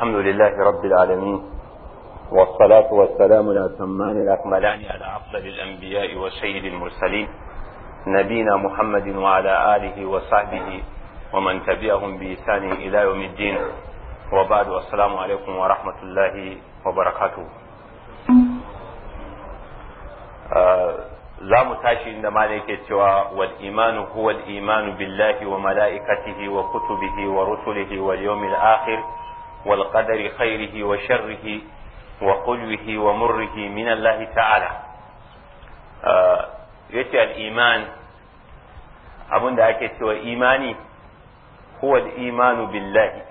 الحمد لله رب العالمين والصلاة والسلام الأتمان الأكملان على أفضل الأنبياء وسيد المرسلين نبينا محمد وعلى آله وصحبه ومن تبعهم بإحسان إلى يوم الدين وبعد والسلام عليكم ورحمة الله وبركاته لا متاشي tashi inda ma والإيمان هو الإيمان بالله وملائكته وكتبه ورسله واليوم الآخر والقدر خيره وشره وقلوه ومره من الله تعالى آه يتي الإيمان أبن دعك سوى إيماني هو الإيمان بالله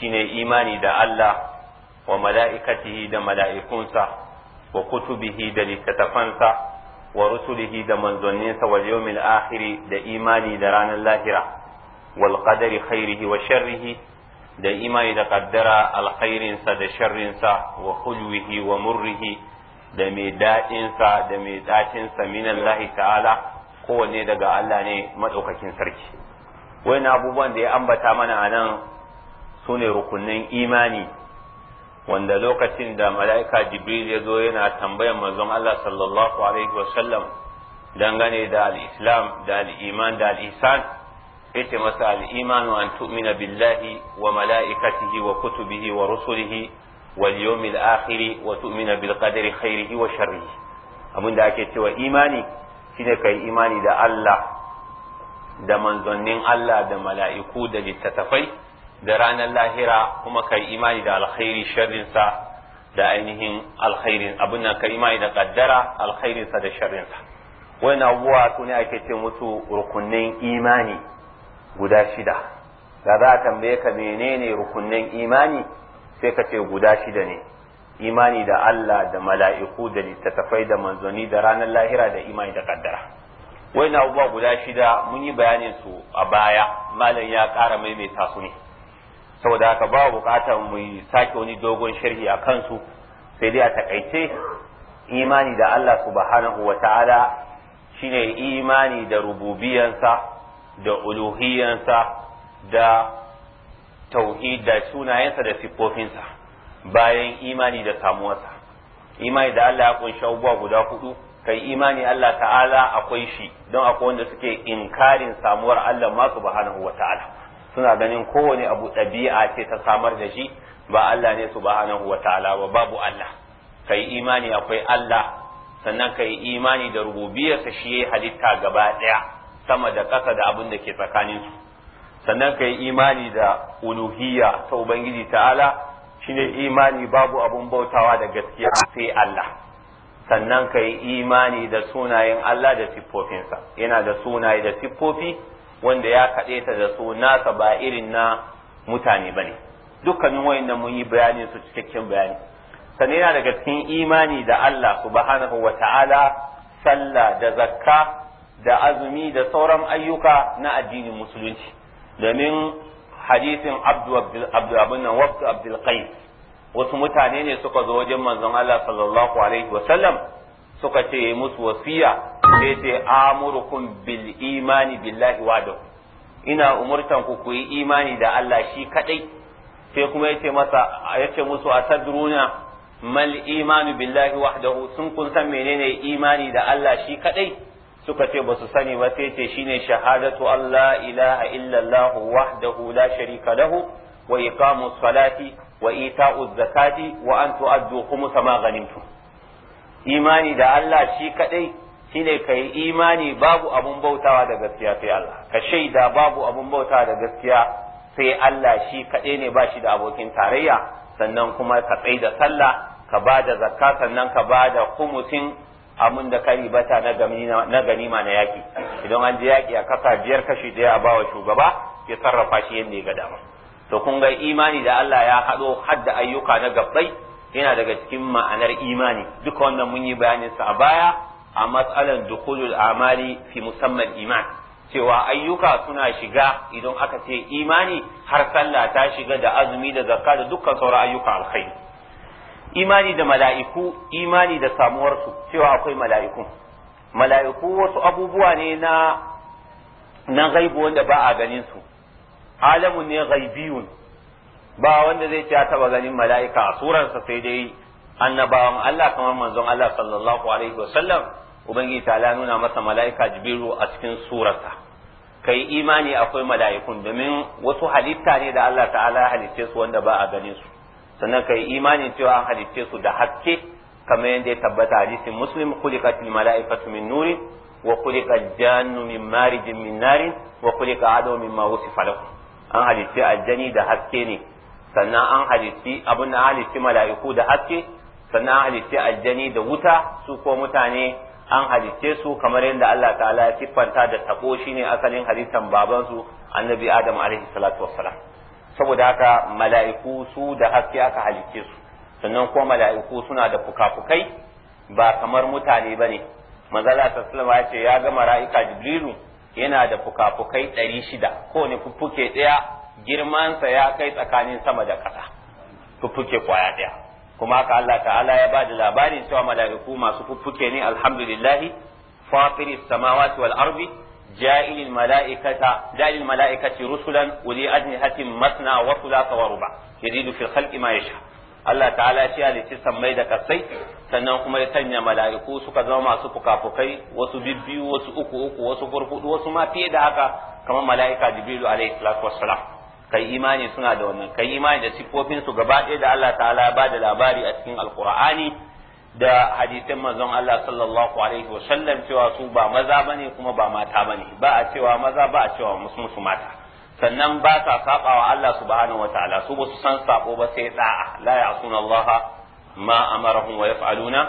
شين إيماني دا الله وملائكته دا ملائكونسا وكتبه دا لتتفنسا ورسله دا منزلنسا واليوم الآخر دا إيماني دا ران اللاهرة والقدر خيره وشره da imani da kaddara alkhairinsa da sharrinsa wa khulwihi wa murrihi da mai daɗinsa da mai ɗacinsa minallahi ta'ala kowanne daga Allah ne maɗaukakin sarki wani abubuwan da ya ambata mana anan sune rukunin imani wanda lokacin da mala'ika jibril ya zo yana tambayan manzon Allah sallallahu alaihi wasallam dangane da al'islam da al'iman da alihsan yace masa al-imanu an tu'mina billahi wa mala'ikatihi wa kutubihi wa rusulihi wal yawmil akhir wa tu'mina bil qadari khairihi wa sharrihi abinda ake cewa imani shine kai imani da Allah da manzannin Allah da mala'iku da littattafai da ranar lahira kuma kai imani da alkhairi sharrinsa da ainihin alkhairin abin nan ka imani da kaddara alkhairinsa da sharrinsa wani abubuwa su ne ake ce musu rukunin imani guda shida da za a tambaye ka menene rukunnan imani sai ka ce guda shida ne imani da Allah da mala'iku da littattafai da manzoni da ranar lahira da imani da kaddara wai na abubuwa guda shida mun yi bayanin su a baya malam ya ƙara maimaita su ne saboda haka ba buƙatar mu sake wani dogon sharhi a kansu sai dai a takaice imani da Allah subhanahu wa shine imani da rububiyansa da uluhiyansa da tauhid da sunayensa da siffofinsa bayan imani da samuwarsa imani da Allah ya kunshi abubuwa guda hudu kai imani Allah ta'ala akwai shi don akwai wanda suke inkarin samuwar Allah ma subhanahu wa ta'ala suna ganin kowane abu ɗabi'a ce ta samar da shi ba Allah ne subhanahu wa ta'ala ba babu Allah kai imani akwai Allah sannan kai imani da rububiyarsa shi yayi halitta gaba ɗaya. sama da ƙasa da abin da ke tsakaninsu sannan ka yi imani da uluhiyya ta ubangiji ta'ala shine imani babu abun bautawa da gaskiya sai Allah sannan ka yi imani da sunayen Allah da siffofinsa yana da sunaye da siffofi wanda ya kaɗe ta da su nasa ba irin na mutane ba ne dukkanin wayan wayannan mun yi bayanin su cikakken bayani sannan yana daga cikin imani da Allah subhanahu wa ta'ala sallah da zakka da azumi da sauran ayyuka na addinin musulunci domin hadisin abdu abin nan abdul wasu mutane ne suka zo wajen manzon Allah sallallahu alaihi wa sallam suka ce musu wasiya sai ce amurukum bil imani billahi wahdahu ina umurtan ku ku yi imani da Allah shi kadai sai kuma yace masa yace musu asadruna mal imanu billahi wahdahu sun kun san menene imani da Allah shi kadai suka ce basu sani ba sai ce shine shahadatu Allah ilaha illallah wahdahu la sharika lahu wa iqamu salati wa ita'u zakati wa an tu'addu khumsa ma ghanimtum imani da Allah shi kadai shine kai imani babu abun bautawa da gaskiya sai Allah ka shaida babu abun bautawa da gaskiya sai Allah shi kadai ne bashi da abokin tarayya sannan kuma ka tsaida sallah ka ba da zakka sannan ka bada da abin da kari bata na ganima na yaki idan an je yaki a kasa biyar kashi daya a bawa shugaba ya sarrafa shi yadda ya ga dama to kun ga imani da Allah ya haɗo hadda ayyuka na gabbai yana daga cikin ma'anar imani duka wannan mun yi bayanin sa a baya a matsalan dukulul amali fi musamman iman cewa ayyuka suna shiga idan aka ce imani har sallah ta shiga da azumi da zakka da dukkan sauran ayyuka alkhairi imani da mala'iku imani da samuwarsu cewa akwai mala'iku mala'iku wasu abubuwa ne na na gaibu wanda ba a ganin alamun ne gaibiyun ba wanda zai ce taba ganin mala'ika a surarsa sai dai annabawan Allah kamar manzon Allah sallallahu alaihi wasallam ubangiji ta nuna masa mala'ika jibiru a cikin surarsa kai imani akwai mala'ikun domin wasu halitta ne da Allah ta'ala halitte su wanda ba a ganin su sannan kai imani cewa an halicce su da haske kamar yadda ya tabbata hadisin muslim khuliqatil mala'ikatu min nurin wa khuliqa jannu min marijin min narin wa khuliqa adamu min wusifa lahu an halicce aljani da haske ne sannan an halicci abin da mala'iku da haske sannan an halicci aljani da wuta su ko mutane an halicce su kamar yadda Allah ta'ala ya siffanta da tabo shine asalin halittan babansu annabi adam alaihi salatu wassalam saboda haka mala'iku su da haske aka halicce su sannan ko mala'iku suna da fukafukai ba kamar mutane ba ne manzala ta ya ce ya ga mara'ika jibrilu yana da fukafukai ɗari shida kowane fuffuke ɗaya girmansa ya kai tsakanin sama da ƙasa fuffuke kwaya ɗaya kuma ka Allah ta'ala ya ba da labarin cewa mala'iku masu fuffuke ne alhamdulillahi fatiris samawati wal ardi Ja'ilin mala'ikaci ja'ilil mala'ikati rusulan uli ajnihatin masna wa thulatha wa ruba yazidu fil khalqi ma yasha Allah ta'ala ya ce halitti sammai da kasai sannan kuma ya sanya mala'iku suka zama masu fukafukai wasu bibbiyu wasu uku uku wasu wasu ma fiye da haka kamar mala'ika jibrilu alaihi kai imani suna da wannan kai imani da sifofin su gaba ɗaya da Allah ta'ala ya ba da labari a cikin alqur'ani da hadisin manzon Allah sallallahu alaihi wa sallam cewa su ba maza bane kuma ba mata bane ba a cewa maza ba a cewa musu mata sannan ba sa sabawa Allah subhanahu wataala su ba su san sabo ba sai da'a la ya'suna Allah ma amarahum wa yaf'aluna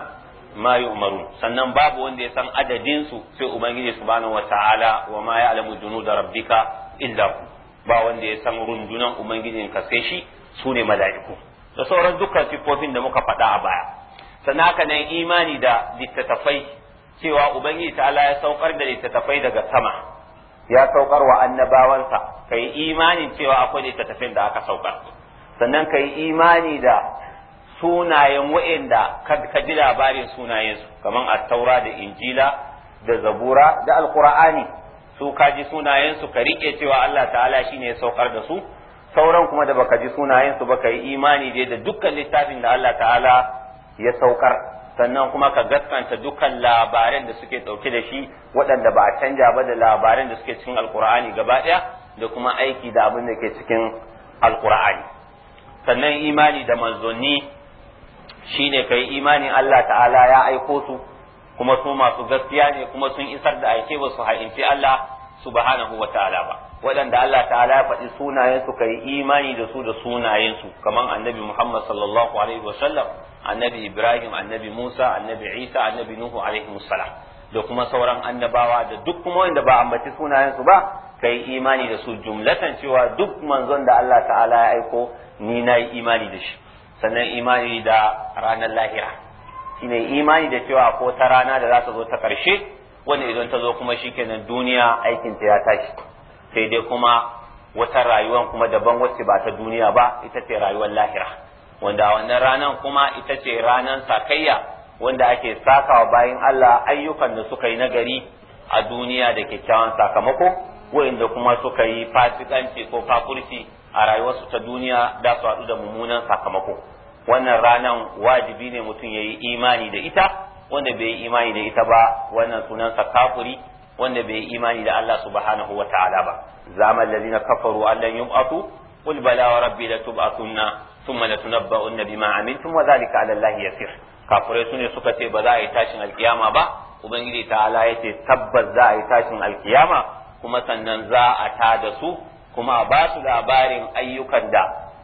ma yu'marun sannan babu wanda ya san adadin su sai ubangiji subhanahu wa ma ya'lamu junuda rabbika illa hu ba wanda ya san rundunan ubangijin ka sai shi sune mala'iku da sauran dukkan sifofin da muka faɗa a baya sanaka nan imani da littattafai cewa ubangiji ta'ala ya saukar da littattafai daga sama ya saukar wa annabawansa ka yi imanin cewa akwai littattafin da aka sauka sannan ka yi imani da sunayen wa'inda ka ji labarin sunayensu kamar attaura da injila da zabura da alkur'ani su ka ji sunayensu ka riƙe cewa allah ta'ala shine ya saukar da su sauran kuma da baka ji sunayensu ba ka yi imani dai da dukkan littafin da allah ta'ala ya saukar sannan kuma ka gaskanta dukkan labaran da suke ɗauke da shi waɗanda ba a canja ba da labaran da suke cikin alkur'ani gaba ɗaya da kuma aiki da abin da ke cikin alkur'ani sannan imani da manzanni shine kai imani Allah ta'ala ya aiko su kuma su masu gaskiya ne kuma sun isar da aike ba su ha'inci Allah subhanahu wa ta'ala ba waɗanda Allah ta'ala ya faɗi sunayensu ka yi imani da su da sunayensu kamar annabi Muhammad sallallahu alaihi wa sallam annabi ibrahim annabi musa annabi isa annabi nuhu alaihi musallam da kuma sauran annabawa da duk kuma wanda ba ambaci sunayensu ba kai imani da su jumlatan cewa duk manzon da Allah ta'ala ya aiko ni na yi imani da shi sannan imani da ranar lahira shine imani da cewa ko ta rana da za ta zo ta karshe wanda idan ta zo kuma shikenan duniya aikin ta ya tashi sai dai kuma wata rayuwan kuma daban wacce ba ta duniya ba ita ce rayuwar lahira wanda wannan ranan kuma ita ce ranan sakayya wanda ake sakawa bayan Allah ayyukan da suka yi nagari a duniya da kyakkyawan sakamako wa'inda kuma suka yi fasikanci ko fakurci a rayuwarsu ta duniya da su haɗu da mummunan sakamako wannan ranan wajibi ne mutum ya yi imani da ita wanda bai yi imani da ita ba wannan sunansa kafuri wanda bai yi imani da Allah subhanahu wa ta'ala ba Zaman allazina kafaru allan yum'atu qul bala wa rabbi la tub'atunna thumma latunabba'unna bima amintum wa dhalika 'ala Allah yasir kafirai sune suka ce ba za a yi tashin alkiyama ba ubangiji ta'ala yace tabbas za a yi tashin alkiyama kuma sannan za a ta da su kuma ba su labarin ayyukan da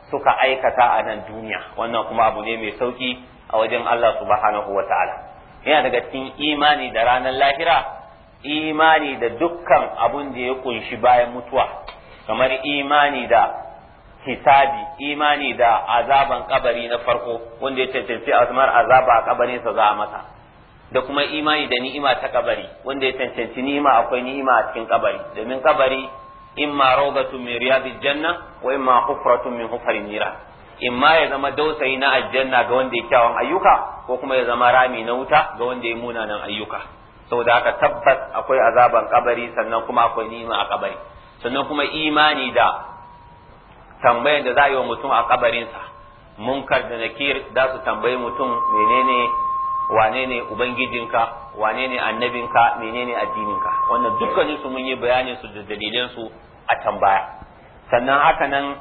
suka aikata a nan duniya wannan kuma abu ne mai sauki a wajen Allah subhanahu wa ta'ala yana daga cikin imani da ranar lahira imani da dukkan abun da ya kunshi bayan mutuwa kamar imani da hisabi imani da azaban kabari na farko wanda ya cancanci azmar azaba a kabarin sa za a masa da kuma imani da ni'ima ta kabari wanda ya cancanci ni'ima akwai ni'ima a cikin kabari domin kabari imma rawdatu min riyadil janna wa imma hufratu min hufarin nira imma ya zama dausayi na aljanna ga wanda ya kyawun ayyuka ko kuma ya zama rami na wuta ga wanda ya munanan ayyuka saboda haka tabbas akwai azaban kabari sannan kuma akwai ni'ima a kabari sannan kuma imani da tambayan da za a yi wa mutum a kabarinsa munkar da nakir za su tambayi mutum menene wane ne ubangijinka wane ne annabinka menene addininka wannan dukkanin su mun yi bayanin su da dalilan su a tambaya sannan haka nan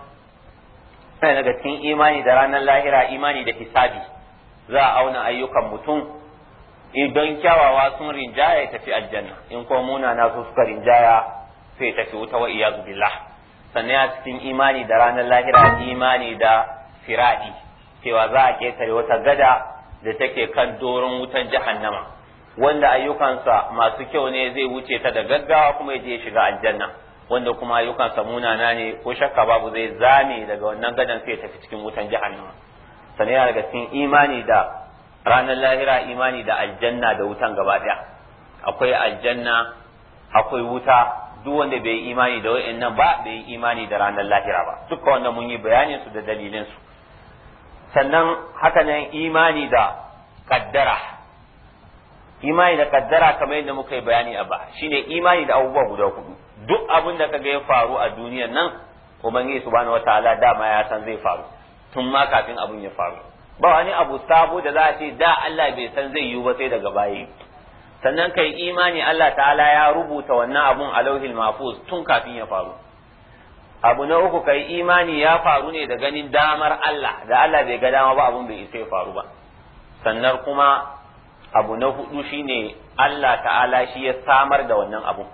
sai daga cikin imani da ranar lahira imani da hisabi za a auna ayyukan mutum idan kyawawa sun rinjaya ya tafi aljanna in kuma munana su suka rinjaya sai tafi wuta wa iyazu billah sannan a cikin imani da ranar lahira imani da firadi cewa za a ketare wata gada da take kan doron wutan jahannama wanda ayyukansa masu kyau ne zai wuce ta da gaggawa kuma ya je shiga aljanna wanda kuma ayyukansa munana ne ko shakka babu zai zame daga wannan gadan sai ya tafi cikin wutan jahannama sannan ya daga cikin imani da ranar lahira imani da aljanna da wutan gaba daya akwai aljanna akwai wuta duk wanda bai yi imani da wa'annan ba bai yi imani da ranar lahira ba duka wanda mun yi bayanin da dalilin su sannan haka nan imani da kaddara imani da kaddara kamar yadda muka yi bayani a ba shine imani da abubuwa guda hudu duk abin da kaga ya faru a duniyan nan ubangiji subhanahu wataala dama ya san zai faru tun ma kafin abin ya faru ba wani abu sabo da za a ce da Allah bai san zai yiwu ba sai daga baya sannan kai imani Allah ta'ala ya rubuta wannan abun a lauhil mahfuz tun kafin ya faru abu na uku kai imani ya faru ne da ganin damar Allah da Allah bai ga dama ba abun bai isa ya faru ba sannan kuma abu na hudu shine Allah ta'ala shi ya samar da wannan abun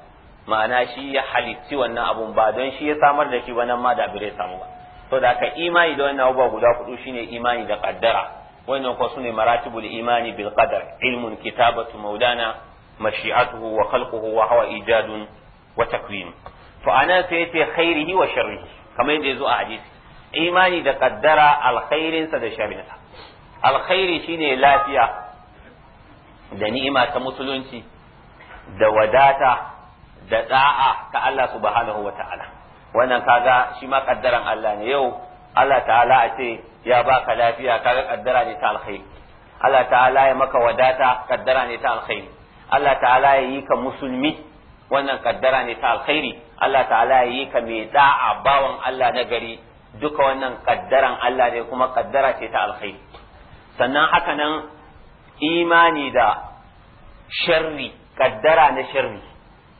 ma'ana shi ya halitti wannan abun ba don shi ya samar da shi wannan ma da bai samu ba to da ka imani da wannan abubuwa guda hudu shine imani da ƙaddara. wannan kuwa sune maratibul imani bil qadar ilmun kitabatu maulana mashi'atuhu wa khalquhu wa huwa ijadun wa takwin to anan sai yace khairihi wa sharrihi kamar yadda yazo a hadisi imani da qaddara alkhairinsa da sharrinsa alkhairi shine lafiya da ni'ima ta musulunci da wadata da da'a ta Allah subhanahu wa ta'ala wannan kaga shi ma kaddaran Allah ne yau Allah ta'ala a ce ya baka lafiya kaga kaddara ne ta alkhairi Allah ta'ala ya maka wadata kaddara ne ta alkhairi Allah ta'ala ya yi ka musulmi wannan kaddara ne ta alkhairi Allah ta'ala ya yi ka mai da'a bawan Allah na gari duka wannan kaddaran Allah ne kuma kaddara ce ta alkhairi sannan haka nan imani da sharri kaddara na sharri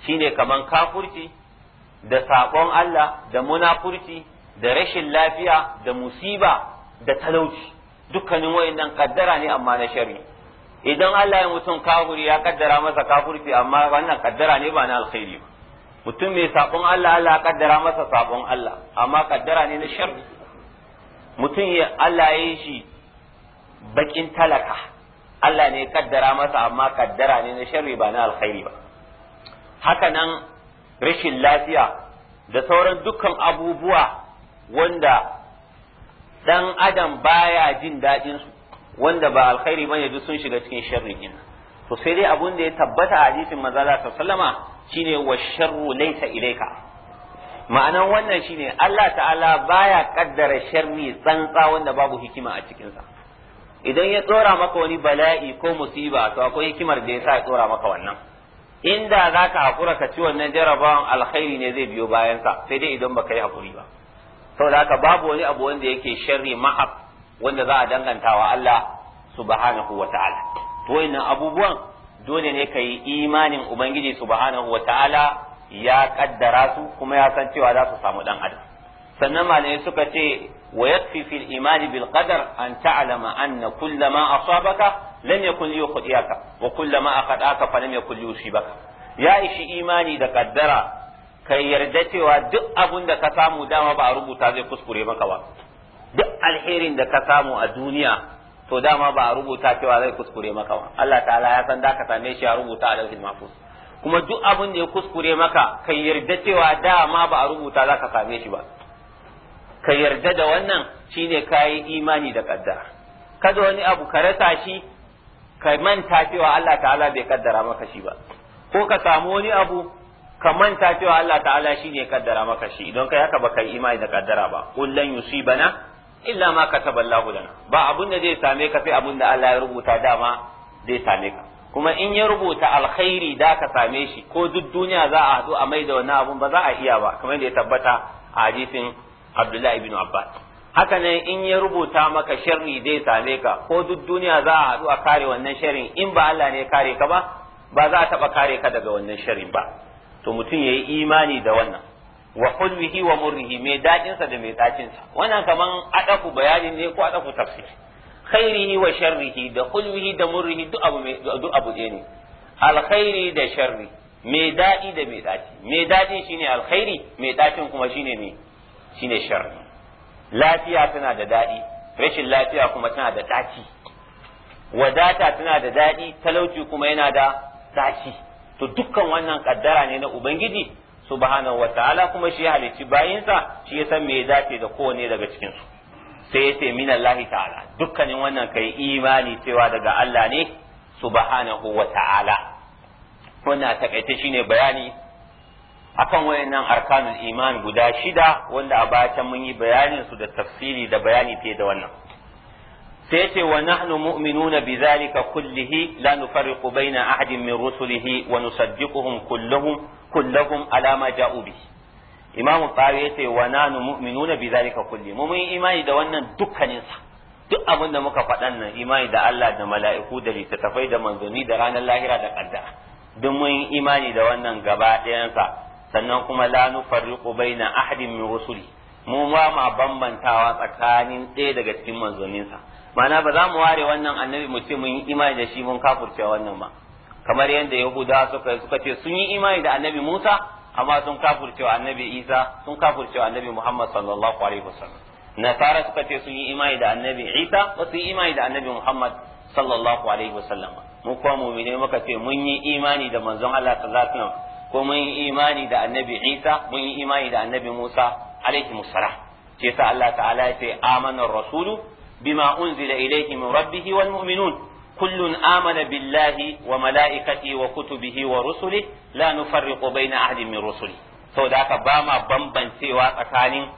shine kaman kafurci da saƙon Allah da munafurci da rashin lafiya da musiba da talauci dukkanin wayannan kaddara ne amma na shari idan Allah ya mutum kafuri ya kaddara masa kafirci amma wannan kaddara ne ba na alkhairi ba mutum mai sabon Allah Allah ya kaddara masa sabon Allah amma kaddara ne na sharri mutum ya Allah ya yi shi bakin talaka Allah ne ya kaddara masa amma kaddara ne na sharri ba na alkhairi ba haka nan rashin lafiya da sauran dukkan abubuwa wanda dan adam baya jin daɗin su wanda ba alkhairi bane duk sun shiga cikin sharri ina, to sai dai abun da ya tabbata a hadisin manzo Allah sallama shine wa sharru laysa ilayka ma'anan wannan shine Allah ta'ala baya kaddara sharri tsantsa wanda babu hikima a cikin sa idan ya tsora maka wani bala'i ko musiba to akwai hikimar da ya sa ya tsora maka wannan inda zaka hakura ka ci wannan jarabawan alkhairi ne zai biyo bayan sa sai dai idan baka yi hakuri ba saboda haka babu wani abu wanda yake sharri mahab wanda za a dangantawa Allah subhanahu wa ta'ala to abubuwan dole ne kai imanin ubangiji subhanahu wa ta'ala ya kaddara su kuma ya san cewa za su samu dan adam sannan malamai suka ce wa yakfi fil iman bil qadar an ta'lama anna kullama asabaka lam yakun yuqdiyaka wa kullama aqadaka falam yakun yusibaka ya ishi imani da kaddara ka yarda cewa duk abun da ka samu dama ba a rubuta zai kuskure maka ba duk alherin da ka samu a duniya to dama ba a rubuta cewa zai kuskure maka ba Allah ta'ala ya san da ka same shi a rubuta a lauhin mahfuz kuma duk abun da ya kuskure maka ka yarda cewa dama ba a rubuta za ka same shi ba ka yarda da wannan shine kayi imani da kaddara kada wani abu ka rasa shi ka manta cewa Allah ta'ala bai kaddara maka shi ba ko ka samu wani abu ka manta cewa Allah ta'ala shine ya kaddara maka shi idan kai haka ka yi imani da kaddara ba qul lan bana illa ma kataba Allahu lana ba abun da zai same ka sai abun da Allah ya rubuta dama zai same ka kuma in ya rubuta alkhairi da ka same shi ko duk duniya za a haɗu a mai da wannan abun ba za a iya ba kamar da ya tabbata a hadisin Abdullahi ibn Abbas haka ne in ya rubuta maka sharri zai same ka ko duk duniya za a haɗu a kare wannan sharrin in ba Allah ne ya kare ka ba ba za a taɓa kare ka daga wannan sharrin ba to mutum ya yi imani da wannan wa hulwihi wa murrihi mai daɗinsa da mai ɗacinsa wannan kaman adaku bayanin ne ko adaku tafsir khairihi wa sharrihi da hulwihi da murrihi duk abu duk abu ɗaya ne alkhairi da sharri mai daɗi da mai ɗaci mai daɗin shine alkhairi mai ɗacin kuma shine ne shine sharri lafiya tana da daɗi rashin lafiya kuma tana da ɗaci wadata tana da daɗi talauci kuma yana da ɗaci to dukkan wannan kaddara ne na ubangiji subhanahu wataala kuma shi ya halicci bayinsa shi ya san me ya dace da kowane daga cikin su sai ya ce min ta'ala dukkanin wannan kai imani cewa daga Allah ne subhanahu wataala wannan takaice shine bayani akan wayannan arkanul iman guda shida wanda a bayan mun yi bayanin su da tafsiri da bayani fiye da wannan sai yace wa nahnu mu'minuna bi zalika kullihi la nufarriqu baina ahadin min rusulihi wa nusaddiquhum kulluhum kulluhum ala ma ja'u bi imam qari yace wa nahnu mu'minuna bi zalika kulli mu mun imani da wannan dukkanin sa duk abin da muka faɗan nan imani da Allah da mala'iku da littattafai da manzoni da ranar lahira da qaddara duk mun imani da wannan gaba ɗayan sa sannan kuma la nufarriqu baina ahadin min rusuli mu ma ma bambantawa tsakanin ɗaya daga cikin manzoninsa ma'ana ba za mu ware wannan annabi mu ce mun yi imani da shi mun kafurce wannan ba kamar yadda yahudawa suka suka ce sun yi imani da annabi Musa amma sun kafurce annabi Isa sun kafurce annabi Muhammad sallallahu alaihi wasallam nasara suka ce sun yi imani da annabi Isa ba su yi imani da annabi Muhammad sallallahu alaihi wasallam mu kuma mu'mine muka ce mun yi imani da manzon Allah sallallahu alaihi wasallam ko mun yi imani da annabi Isa mun yi imani da annabi Musa alaihi musalla ce sa Allah ta'ala ya ce amanar rasulu بما أنزل إليه من ربه والمؤمنون كل آمن wa وملائكته وكتبه ورسله لا نفرق بين na من رسله sau da aka bama bambancewa tsakanin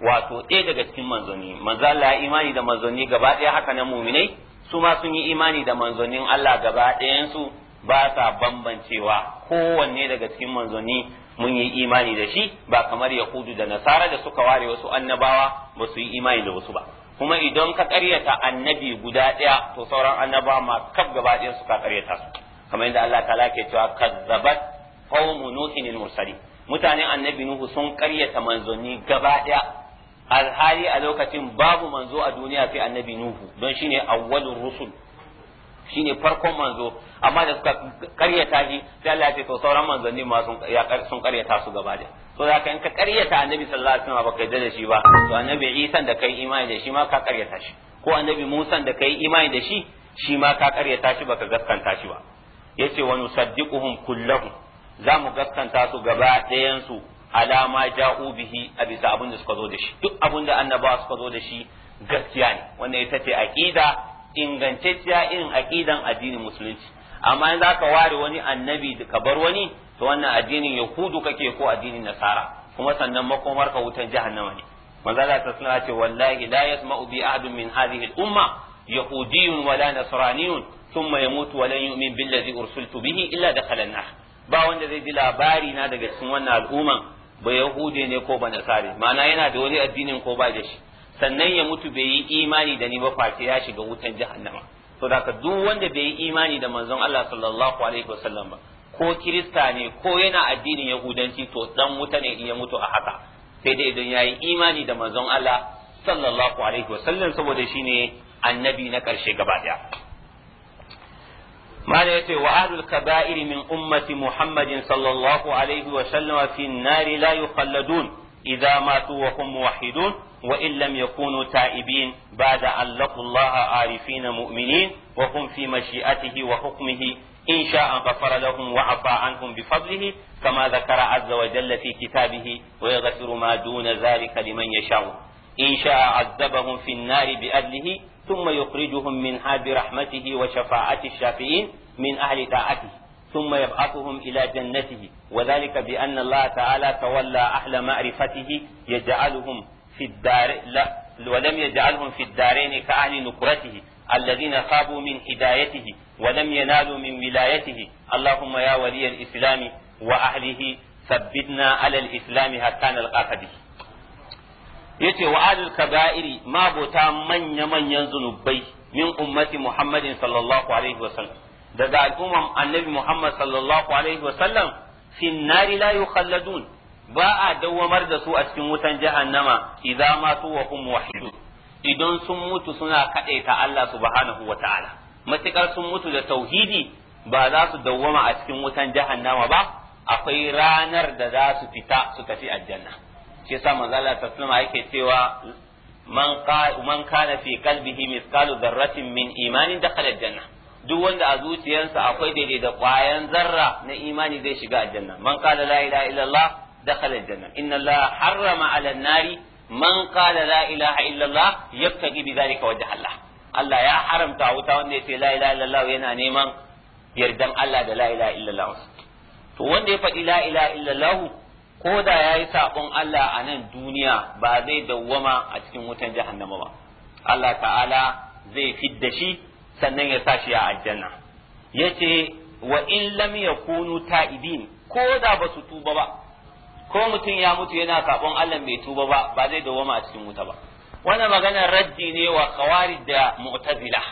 wato ɗaya daga cikin manzanni manzo Allah imani da manzanni gabaɗaya haka na muminai su ma sun yi imani da manzannin Allah gabaɗayansu ɗayansu ba sa bambancewa kowanne daga cikin manzanni mun yi imani da shi ba kamar yahudu da nasara da suka ware wasu annabawa ba su yi imani da wasu ba kuma idan ka karyata annabi guda ɗaya to sauran annaba ma kaf gaba ɗaya suka karyata su kamar yadda Allah ta'ala ke cewa kazzabat qaumu nuhin al mutane mutanen annabi nuhu sun karyata manzonni gaba ɗaya alhali a lokacin babu manzo a duniya sai annabi nuhu don shine awwalur rusul shine farkon manzo amma da suka karyata shi sai Allah ya ce to sauran manzanni ma sun sun karyata su gaba da to za ka in ka karyata annabi sallallahu alaihi wasallam ba kai da shi ba to annabi Isa da kai imani da shi ma ka karyata shi ko annabi Musa da kai imani da shi shi ma ka karyata shi baka gaskanta shi ba yace wa nusaddiquhum kullahum za mu gaskanta su gaba ɗayan su alama ja'u bihi a bisa abin da suka zo da shi duk abin da annaba suka zo da shi gaskiya ne wannan ita ce aqida ingantacciya irin aqidan addinin musulunci amma in zaka ware wani annabi ka bar wani to wannan addinin yahudu kake ko addinin nasara kuma sannan makomar ka wutan jahannama ne manzo Allah sallallahu alaihi wallahi la yasma'u bi ahadin min hadhihi al-umma yahudiyyun wala nasraniyun thumma yamutu wa lan yu'min billadhi ursiltu bihi illa dakhala an-nar ba wanda zai ji labari na daga cikin wannan al'umman ba yahude ne ko ba nasari ma'ana yana da wani addinin ko ba da shi sannan ya mutu bai yi imani da ni ba face ya shiga wutan jahannama To da duk wanda bai yi imani da manzon Allah sallallahu alaihi wasallam ba ko kirista ne ko yana addinin yahudanci to dan wuta ne iya mutu a haka sai dai idan yayi imani da manzon Allah sallallahu alaihi wasallam saboda shine annabi na karshe gaba daya ماذا يتي وأهل الكبائر من أمة محمد صلى الله عليه وسلم في النار لا يخلدون إذا ماتوا وهم موحدون وإن لم يكونوا تائبين بعد أن لقوا الله عارفين مؤمنين وهم في مشيئته وحكمه إن شاء غفر لهم وعفى عنهم بفضله كما ذكر عز وجل في كتابه ويغفر ما دون ذلك لمن يشاء إن شاء عذبهم في النار بأدله ثم يخرجهم منها برحمته وشفاعة الشافعين من أهل طاعته ثم يبعثهم إلى جنته وذلك بأن الله تعالى تولى أهل معرفته يجعلهم في الدار لا ولم يجعلهم في الدارين كأهل نكرته الذين خابوا من هدايته ولم ينالوا من ولايته اللهم يا ولي الإسلام وأهله ثبتنا على الإسلام حتى نلقاك به yace wa alul kaba'iri mabota manya manyan zunubai min ummati Muhammadin sallallahu alaihi wa sallam daga al'umman annabi Muhammad sallallahu alaihi wa sallam fi nari la yukhalladun ba a dawwamar da su a cikin wutan jahannama idza su wa hum wahidun idan sun mutu suna kadaita Allah subhanahu wa ta'ala matukar sun mutu da tauhidi ba za su dawwama a cikin wutan jahannama ba akwai ranar da za su fita su tafi aljanna shi yasa manzo Allah sallama yake cewa man man kana fi qalbihi mithqalu dharratin min imanin dakhala aljanna duk wanda a zuciyarsa akwai daidai da kwayan zarra na imani zai shiga aljanna man kana la ilaha illallah dakhala aljanna inna allaha harrama ala nari man qala la ilaha illa allah yabtaghi bi dhalika wajha allah Allah ya haramta wuta wanda yace la ilaha illallah yana neman yardan Allah da la ilaha illallah to wanda ya faɗi la ilaha illallah ko da ya yi saƙon Allah a nan duniya ba zai dawwama a cikin wutan jahannama ba Allah ta'ala zai fidda shi sannan ya sa shi a aljanna yace wa in kunu ta idin? ko da ba su tuba ba ko mutum ya mutu yana sabon Allah bai tuba ba ba zai dawoma a cikin wuta ba wannan magana raddi ne wa khawarij da mu'tazila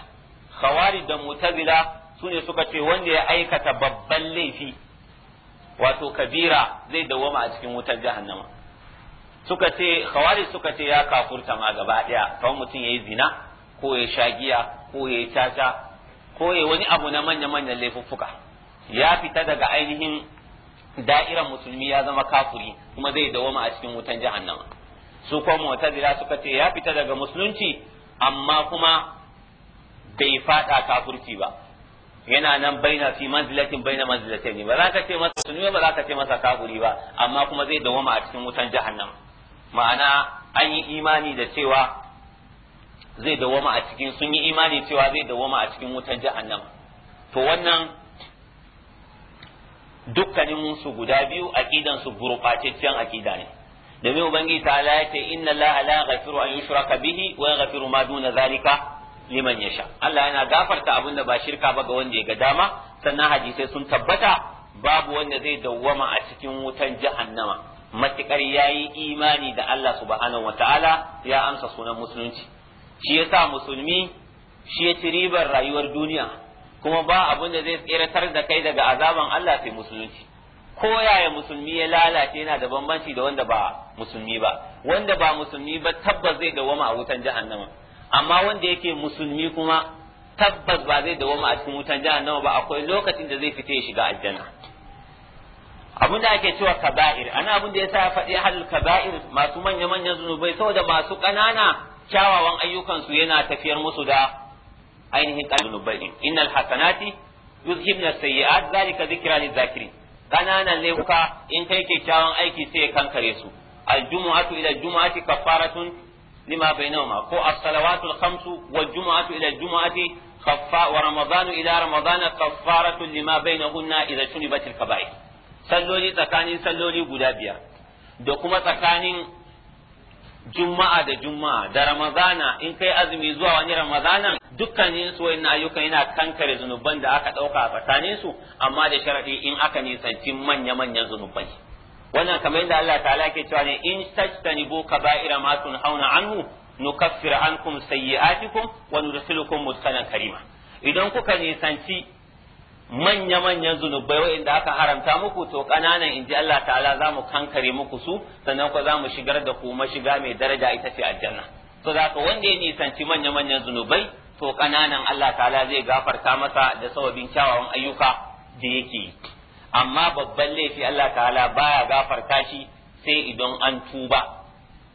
khawarij da mu'tazila sune suka ce wanda ya aikata babban laifi wato kabira zai dawoma a cikin wutar jahannama suka ce khawarij suka ce ya kafurta ma gaba daya kawai mutum yayi zina ko ya sha giya ko ya yi caca ko ya wani abu na manya manyan laifuffuka ya fita daga ainihin da'iran musulmi ya zama kafiri kuma zai dawoma a cikin wutan jahannama su kuma mu'tazila suka ce ya fita daga musulunci amma kuma bai fada kafirci ba yana nan baina fi manzilatin baina manzilatin ba za ka ce masa musulmi ba za ka ce masa kafiri ba amma kuma zai dawoma a cikin wutan jahannama ma'ana an yi imani da cewa zai dawoma a cikin sun yi imani cewa zai dawoma a cikin wutan jahannama to wannan dukkanin su guda biyu akidan su gurbataccen akida ne domin ubangiji ta ya ce inna allaha la ghafiru an yushraka bihi wa yaghfiru ma duna zalika liman yasha Allah yana gafarta abinda ba shirka ba ga wanda ya ga dama sannan hadisai sun tabbata babu wanda zai dawwama a cikin wutan jahannama matukar yayi imani da Allah subhanahu wataala ya amsa sunan musulunci shi yasa musulmi shi ya ci ribar rayuwar duniya kuma ba abin da zai tseratar da kai daga azaban Allah sai musulunci ko yaya musulmi ya lalace yana da bambanci da wanda ba musulmi ba wanda ba musulmi ba tabbas zai dawama a wutan jahannama amma wanda yake musulmi kuma tabbas ba zai dawama a cikin wutan jahannama ba akwai lokacin da zai fita ya shiga aljanna abin da ake cewa kaba'ir ana abin da yasa ya faɗi hal kaba'ir masu manya manyan zunubai saboda masu ƙanana kyawawan ayyukansu yana tafiyar musu da ainihin kan zunubai din innal hasanati yuzhibna sayyi'at zalika dhikra lizakirin kananan kuka in kai kyakkyawan aiki sai ya kankare su aljumu'atu ila jumu'ati kaffaratun lima bainahuma ko as-salawatu al-khamsu wal jumu'atu ila jumu'ati kaffa wa ramadanu ila ramadana kaffaratun lima bainahunna idza shunibat al-kaba'ir salloli tsakanin salloli guda biyar da kuma tsakanin juma'a da juma'a da ramadana in kai azumi zuwa wani ramadana dukkanin su wayannan ayyuka yana kankare zunuban da aka ɗauka a tsakanin su amma da sharadi in aka nisanci manya manyan zunubai wannan kamar yadda Allah ta'ala ke cewa ne in bu kaba'ira ma tunhauna anhu nukaffiru ankum sayyi'atikum wa nudkhilukum mudkhalan karima idan kuka nisanci manya-manyan zunubai wa'inda aka haramta muku to ƙananan in ji Allah ta'ala za mu kankare muku su sannan ko za mu shigar da ku ma shiga mai daraja ita ce aljanna to za ka wanda ya nisanci manya-manyan zunubai to kananan Allah ta'ala zai gafarta masa da sababin kyawawan ayyuka da yake amma babban laifi Allah ta'ala baya gafarta shi sai idan an tuba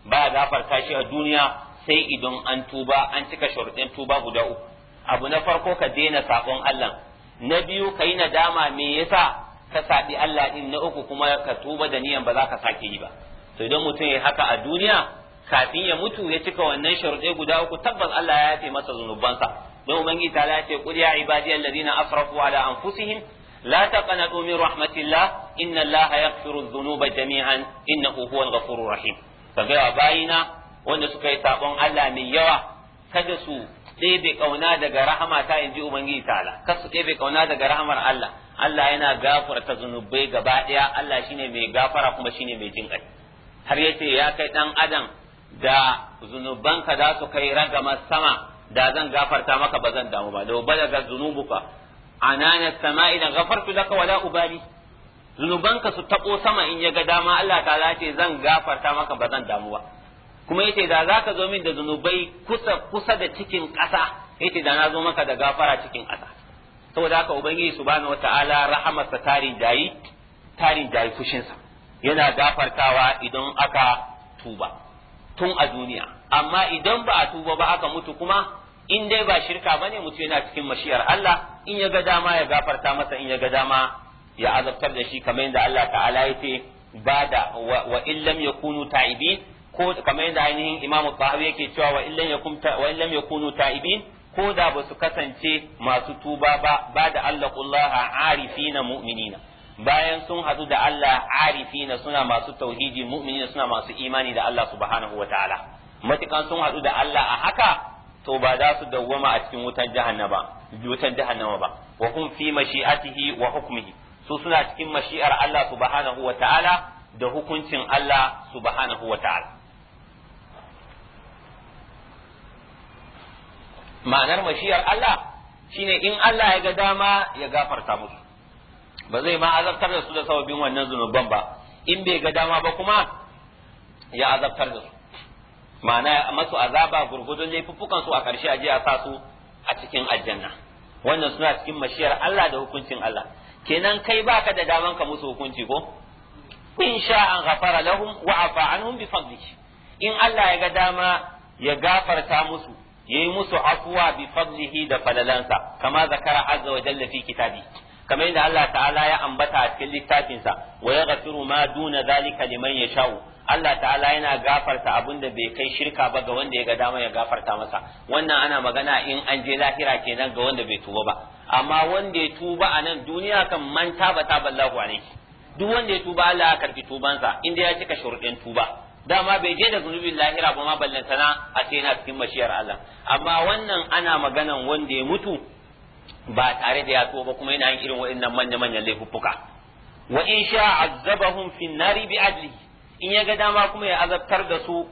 baya gafarta shi a duniya sai idan an tuba an cika sharuɗin tuba guda uku abu na farko ka daina sakon Allah na biyu ka yi nadama me yasa ka saɓi Allah din na uku kuma ka tuba da niyan ba za ka sake yi ba to idan mutum ya haka a duniya kafin ya mutu ya cika wannan sharuɗai guda uku tabbas Allah ya yafe masa zunubansa don ubangiji ta ya ce qul ya ibadiy alladhina asrafu ala anfusihim la taqnatu min rahmatillah inna Allah yaghfiru dhunuba jami'an innahu huwal ghafurur rahim kaga bayina wanda suka yi sabon Allah mai yawa kada su ɗebe kauna daga rahama ta in ji ubangiji ta'ala kar su ɗebe kauna daga rahamar Allah Allah yana gafarta zunubai gaba ɗaya Allah shine mai gafara kuma shine mai jin ƙai har yace ya kai dan adam da zunubanka za su kai ragama sama da zan gafarta maka ba zan damu ba da balaga zunubuka anana sama'i da gafartu laka wala ubali zunubanka su tabo sama in ya ga dama Allah ta ce zan gafarta maka ba zan damu ba kuma yace da zaka zo min da zunubai kusa kusa da cikin ƙasa yace da na zo maka da gafara cikin ƙasa saboda haka ubangiji subhanahu wataala rahamarsa tarin jayi tarin jayi fushinsa yana gafartawa idan aka tuba tun a duniya amma idan ba a tuba ba aka mutu kuma in dai ba shirka bane mutu yana cikin mashiyar Allah in ya ga dama ya gafarta masa in ya ga dama ya azabtar da shi kamar yadda Allah ta'ala ya ce ba da wa, wa illam yakunu ta'ibin ko kamar yadda ainihin Imam Tahawi yake cewa wa illan yakum wa illam yakunu ta'ibin ko da ba su kasance masu tuba ba ba da Allah kullaha arifina mu'minina bayan sun hadu da Allah arifina suna masu tauhidi mu'minina suna masu imani da Allah subhanahu wataala matukan sun hadu da Allah a haka to ba za su dawwama a cikin wutar jahannama wutar jahannama ba wa hum fi mashi'atihi wa hukmihi su suna cikin mashi'ar Allah subhanahu wataala da hukuncin Allah subhanahu wataala ma'anar mashiyar Allah shine in Allah ya ga dama ya gafarta musu ba zai ma azabtar da su da sababin wannan zunuban ba in bai ga dama ba kuma ya azabtar da su ma'ana masu azaba gurgudun laifuffukan su a ƙarshe a je a sa su a cikin aljanna wannan suna cikin mashiyar Allah da hukuncin Allah kenan kai baka da daman ka musu hukunci ko in sha an ghafara lahum wa afa anhum bi fadlihi in Allah ya ga dama ya gafarta musu yayi musu afuwa bi fadlihi da falalansa kama zakara azza wa jalla fi kitabi kamar yadda Allah ta'ala ya ambata a cikin littafinsa wa yaghfiru ma duna zalika liman yasha'u Allah ta'ala yana gafarta abunda bai kai shirka ba ga wanda ya ga dama ya gafarta masa wannan ana magana in an je lahira kenan ga wanda bai tuba ba amma wanda ya tuba a nan duniya kan ba taba taballahu alaihi duk wanda ya tuba Allah ya karbi tubansa inda ya cika shurudin tuba dama bai je da zunubin lahira ba ma ballantana a ce yana cikin mashiyar Allah amma wannan ana maganan wanda ya mutu ba tare da ya ba kuma yana yin irin waɗannan manya-manyan laifuffuka wa in sha azabahum fi nari bi adli in ya ga dama kuma ya azabtar da su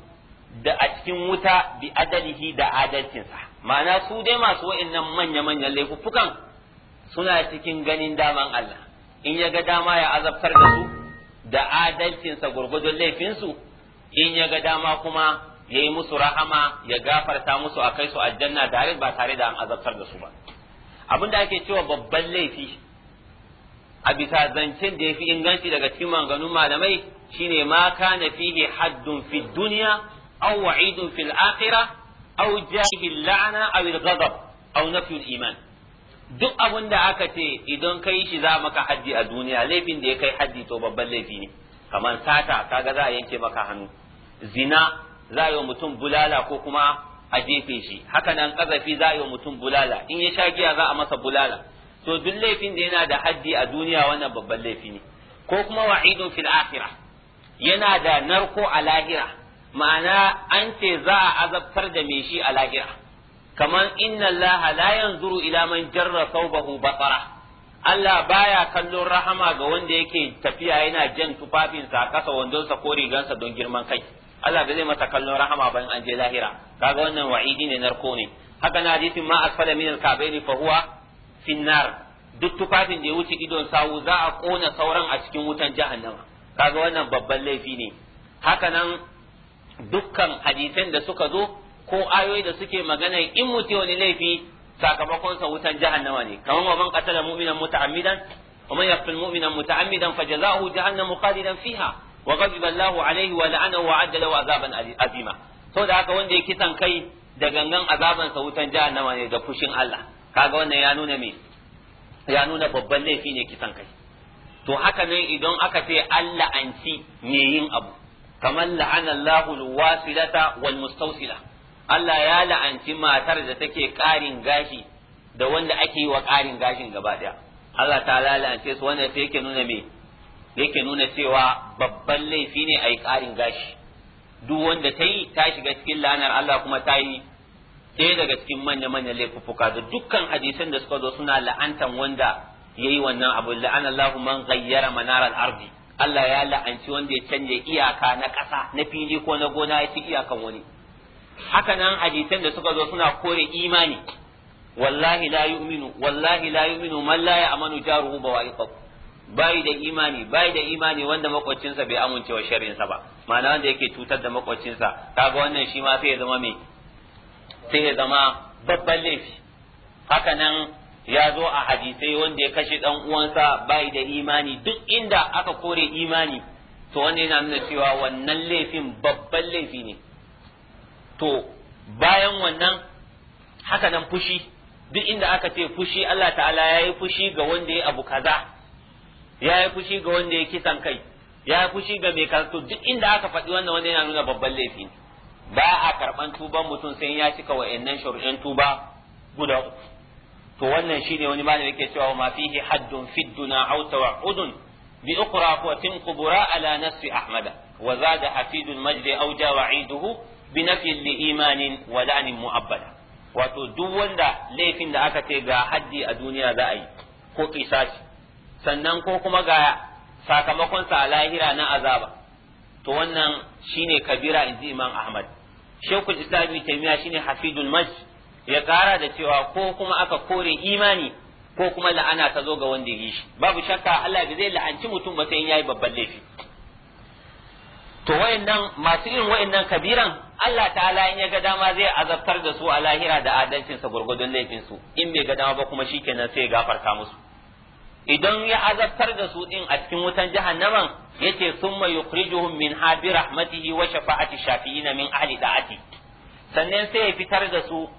da a cikin wuta bi adalihi da adalcinsa ma'ana su dai masu waɗannan manya-manyan laifuffukan suna cikin ganin daman Allah in ya ga dama ya azabtar da su da adalcinsa gurgudun laifinsu in ya ga dama kuma ya yi musu rahama ya gafarta musu a kai su aljanna tare ba tare da an azabtar da su ba abin da ake cewa babban laifi a bisa zancen da ya fi inganci daga cikin maganganun malamai shine ma kana fihi haddun fi au aw wa'idun fil akhirah aw jahil la'na aw al-ghadab aw nafyul iman duk abin da aka ce idan kai shi za maka haddi a duniya laifin da ya kai haddi to babban laifi ne kamar sata kaga za a yanke maka hannu zina za a yi wa mutum bulala ko kuma a jefe shi haka nan kazafi za a yi wa mutum bulala in ya sha giya za a masa bulala to duk laifin da yana da haddi a duniya wannan babban laifi ne ko kuma wa'idun fil akhirah yana da narko a lahira ma'ana an ce za a azabtar da mai shi a lahira kamar inna allaha la yanzuru ila man jarra sawbahu basara Allah baya kallon rahama ga wanda yake tafiya yana jan tufafinsa kasa wandonsa ko rigansa don girman kai Allah ba zai masa kallon rahama ba in an je lahira kaga wannan wa'idi ne narko ne haka na hadisin ma asfala min al-kabaini fa huwa finnar duk tufafin da ya wuce idon sawu za a kona sauran a cikin wutan jahannama kaga wannan babban laifi ne haka nan dukkan hadisan da suka zo ko ayoyi da suke magana in mutiyo wani laifi Sakamakonsa wutan jahannama ne kamar wa man qatala mu'minan muta'ammidan wa man yaqtul mu'minan muta'ammidan fajazaohu jahannamu khalidan fiha wa ghadiba Allahu alaihi wa la'anahu wa adda lahu azaban azima da haka wanda ya kisan kai da gangan azaban sa wutan jahannama ne da fushin Allah kaga wannan ya nuna me ya nuna babban laifi ne kisan kai to haka nan idan aka ce Allah anci me yin abu kamar la'ana Allahu alwasilata wal mustawsila Allah ya la'anci matar da take ƙarin gashi da wanda ake yi wa ƙarin gashin gaba ɗaya Allah ta la'ance su wanda sai yake nuna me yake nuna cewa babban laifi ne a yi ƙarin gashi duk wanda ta yi ta shiga cikin la'anar Allah kuma ta yi ɗaya daga cikin manya-manyan laifuffuka da dukkan hadisan da suka zo suna la'antan wanda ya yi wannan abu la'ana Allah man gayyara manaral ardi Allah ya la'anci wanda ya canja iyaka na ƙasa na fili ko na gona ya ci iyakan wani haka nan hadisan da suka zo suna kore imani wallahi la yu'minu wallahi la yu'minu man la ya'manu jaruhu bawa'iqahu bai da imani bai da imani wanda makwacinsa bai amince wa sa ba ma'ana wanda yake cutar da makwacinsa kaga wannan shi ma sai ya zama me sai ya zama babban laifi haka nan ya zo a hadisai wanda ya kashe dan uwansa bai da imani duk inda aka kore imani to wannan yana nuna cewa wannan laifin babban laifi ne to bayan wannan hakanan fushi duk inda aka ce fushi Allah ta'ala ya yi fushi ga wanda ya abu kaza ya yi fushi ga wanda ya kisan kai ya yi fushi ga mai karatu duk inda aka faɗi wannan wanda yana nuna babban laifi ba a karɓan tuban mutum sai ya cika wa'annan shari'an tuba guda uku to wannan shine wani malami yake cewa ma fihi haddun fidduna aw tawahudun bi ukhra fa tinqubura ala nafsi ahmada wa zada hafidul majdi aw jawa'iduhu binafin li imanin wa la'anin wato duk wanda laifin da aka ce ga haddi a duniya za a yi ko kisashi sannan ko kuma ga sakamakon sa lahira na azaba to wannan shine kabira inji imam ahmad shekul islam ibn taymiya shine hafidul maj ya kara da cewa ko kuma aka kore imani ko kuma la'ana ta zo ga wanda ya yi shi babu shakka Allah bai zai la'anci mutum ba sai yayi babban laifi to wayannan masu irin wayannan kabiran Allah ta'ala in ya ga dama zai azabtar da su a lahira da adalcinsa gurgudun laifinsu in bai ga dama ba kuma shikenan sai ya gafarta musu idan ya azabtar da su din a cikin wutan jahannaman yace summa yukhrijuhum min habi rahmatihi wa shafa'ati shafi'ina min ahli da'ati sannan sai ya fitar da su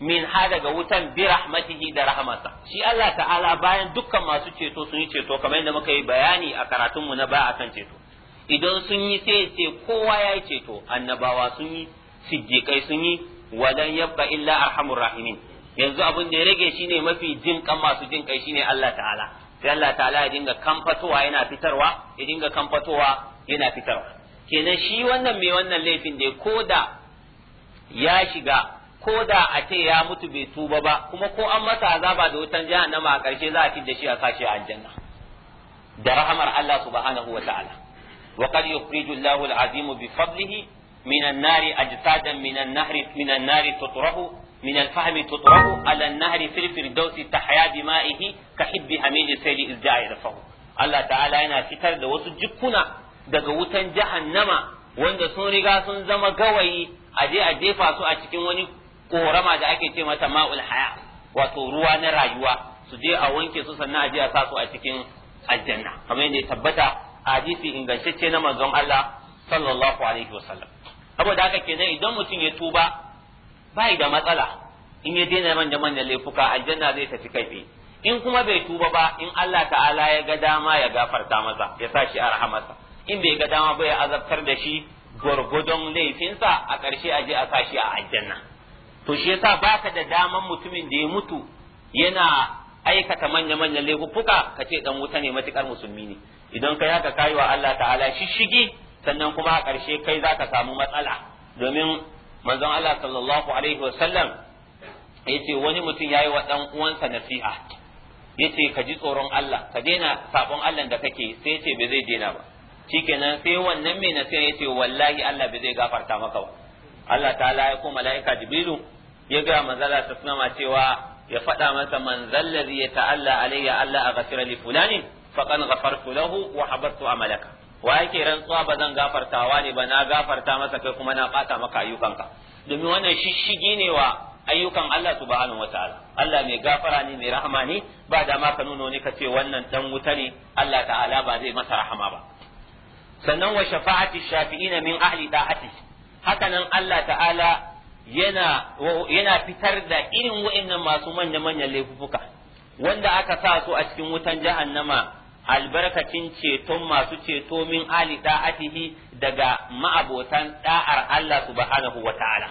min ha daga wutan bi rahmatihi da rahmasa shi Allah ta'ala bayan dukkan masu ceto sun yi ceto kamar yadda muka yi bayani a karatunmu na baya akan ceto idan sun yi sai ce kowa ya yi ceto annabawa sun yi siddiƙai sun yi walan yabqa illa arhamur rahimin yanzu abin da ya rage shine mafi jin kan masu jin kai shine Allah ta'ala sai Allah ta'ala ya dinga kamfatowa yana fitarwa ya dinga kamfatowa yana fitarwa kenan shi wannan mai wannan laifin da koda ya shiga ko da a ce ya mutu bai tuba ba kuma ko an masa azaba da wutan jahannama a karshe za a fi da shi a sashi a aljanna da rahamar Allah subhanahu wa ta'ala wa qad yukhriju Allahu al bi fablihi. min an-nar ajsadan min an-nahr min an-nar tutrahu min al-fahm tutrahu ala an-nahr fil firdausi tahya bima'ihi ka Allah ta'ala yana fitar da wasu jukkuna daga wutan nama wanda sun riga sun zama gawayi a je a jefa su a cikin wani ƙorama da ake ce mata ma'ul haya wato ruwa na rayuwa su je a wanke su sannan a je a sa su a cikin aljanna kamar yadda tabbata hadisi ingantacce na manzon Allah sallallahu alaihi wasallam saboda haka kenan idan mutum ya tuba bai da matsala in ya daina manya manyan laifuka aljanna zai tafi kaifi in kuma bai tuba ba in Allah ta'ala ya ga dama ya gafarta masa ya sa shi a rahamarsa in bai ga dama ba ya azabtar da shi gwargwadon laifinsa a ƙarshe aje a sa shi a aljanna to shi yasa baka da daman mutumin da ya mutu yana aikata manya manyan laifuka ce ɗan wuta ne matukar musulmi ne idan kai haka kayi wa Allah ta'ala shishigi sannan kuma a ƙarshe kai zaka samu matsala domin manzon Allah sallallahu alaihi ya yace wani mutum yayi wa dan uwansa nasiha yace ka ji tsoron Allah ka daina sabon Allah da kake sai yace bai zai daina ba shikenan sai wannan mai nasiha yace wallahi Allah bai zai gafarta maka ba Allah ta'ala ya ko mala'ika Jibrilu ya ga manzala ta sunama cewa ya faɗa masa man zallazi ya ta'alla alayya Allah a ghafira li fulani faqan ghafartu lahu wa habartu amalaka wa yake rantsuwa ba zan gafartawa ne ba na gafarta masa kai kuma na fata maka ayyukanka domin wannan shishigi ne wa ayyukan Allah subhanahu wataala Allah mai gafara ne mai rahama ne ba da ma ka ka ce wannan dan wuta ne Allah ta'ala ba zai masa rahama ba sannan wa shafa'ati shafi'ina min ahli da'ati hakanan Allah ta'ala yana yana fitar da irin wa'annan masu manya manyan laifuka wanda aka sa su a cikin wutan jahannama albarkacin ceton masu ceto min ali da'atihi daga ma'abotan da'ar Allah subhanahu wa ta'ala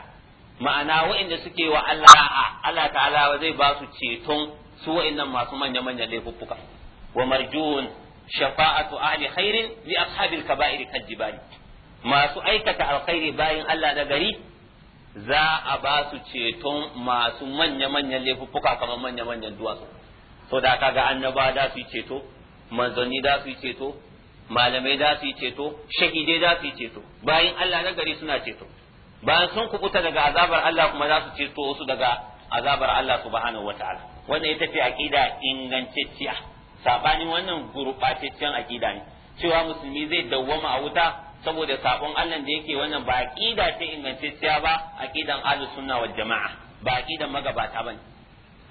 ma'ana wa'inda suke wa Allah a Allah ta'ala zai ba su ceton su wa'innan masu manya manyan laifuffuka wa marjun shafa'atu ahli khairin li ashabil kaba'ir kal masu aikata alkhairi bayan Allah da gari za a ba su ceton masu manya manyan laifuffuka kamar manya manyan duwatsu so da kaga annaba da su ceto manzanni za su yi ceto malamai za su yi ceto shahidai za su yi ceto bayan Allah na gari suna ceto bayan sun kubuta daga azabar Allah kuma za su ceto wasu daga azabar Allah subhanahu wataala wannan ita ce aqida ingantacciya sabanin wannan gurbataccen aqida ne cewa musulmi zai dawwama a wuta saboda sabon Allah da yake wannan ba aqida ce ingantacciya ba aqidan ahlus sunna wal jamaa ba aqidan magabata ba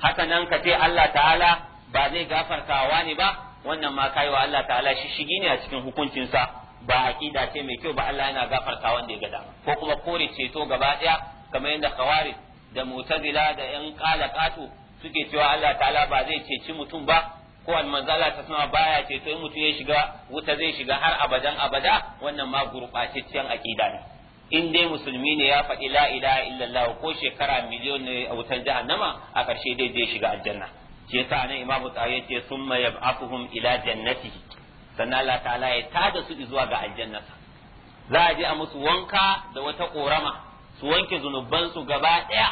haka nan ka ce Allah ta'ala ba zai gafartawa ne ba wannan ma kai wa Allah ta'ala shi shigi ne a cikin hukuncinsa ba aqida ce mai kyau ba Allah yana gafarta wanda ya gada ko kuma kore ceto gaba daya kamar yadda kawari da mu'tazila da yan kala katu suke cewa Allah ta'ala ba zai ceci mutum ba ko al manzala ta sama baya ceto in mutum ya shiga wuta zai shiga har abadan abada wannan ma gurbataccen aqida ne in dai musulmi ne ya faɗi la ilaha illallah ko shekara miliyon ne a wutar jahannama a ƙarshe dai zai shiga aljanna shi yasa nan sun tsawi yace summa yab'athuhum ila jannati sannan Allah ta'ala ya tada su zuwa ga aljannata za a je a musu wanka da wata korama su wanke zunubansu gaba daya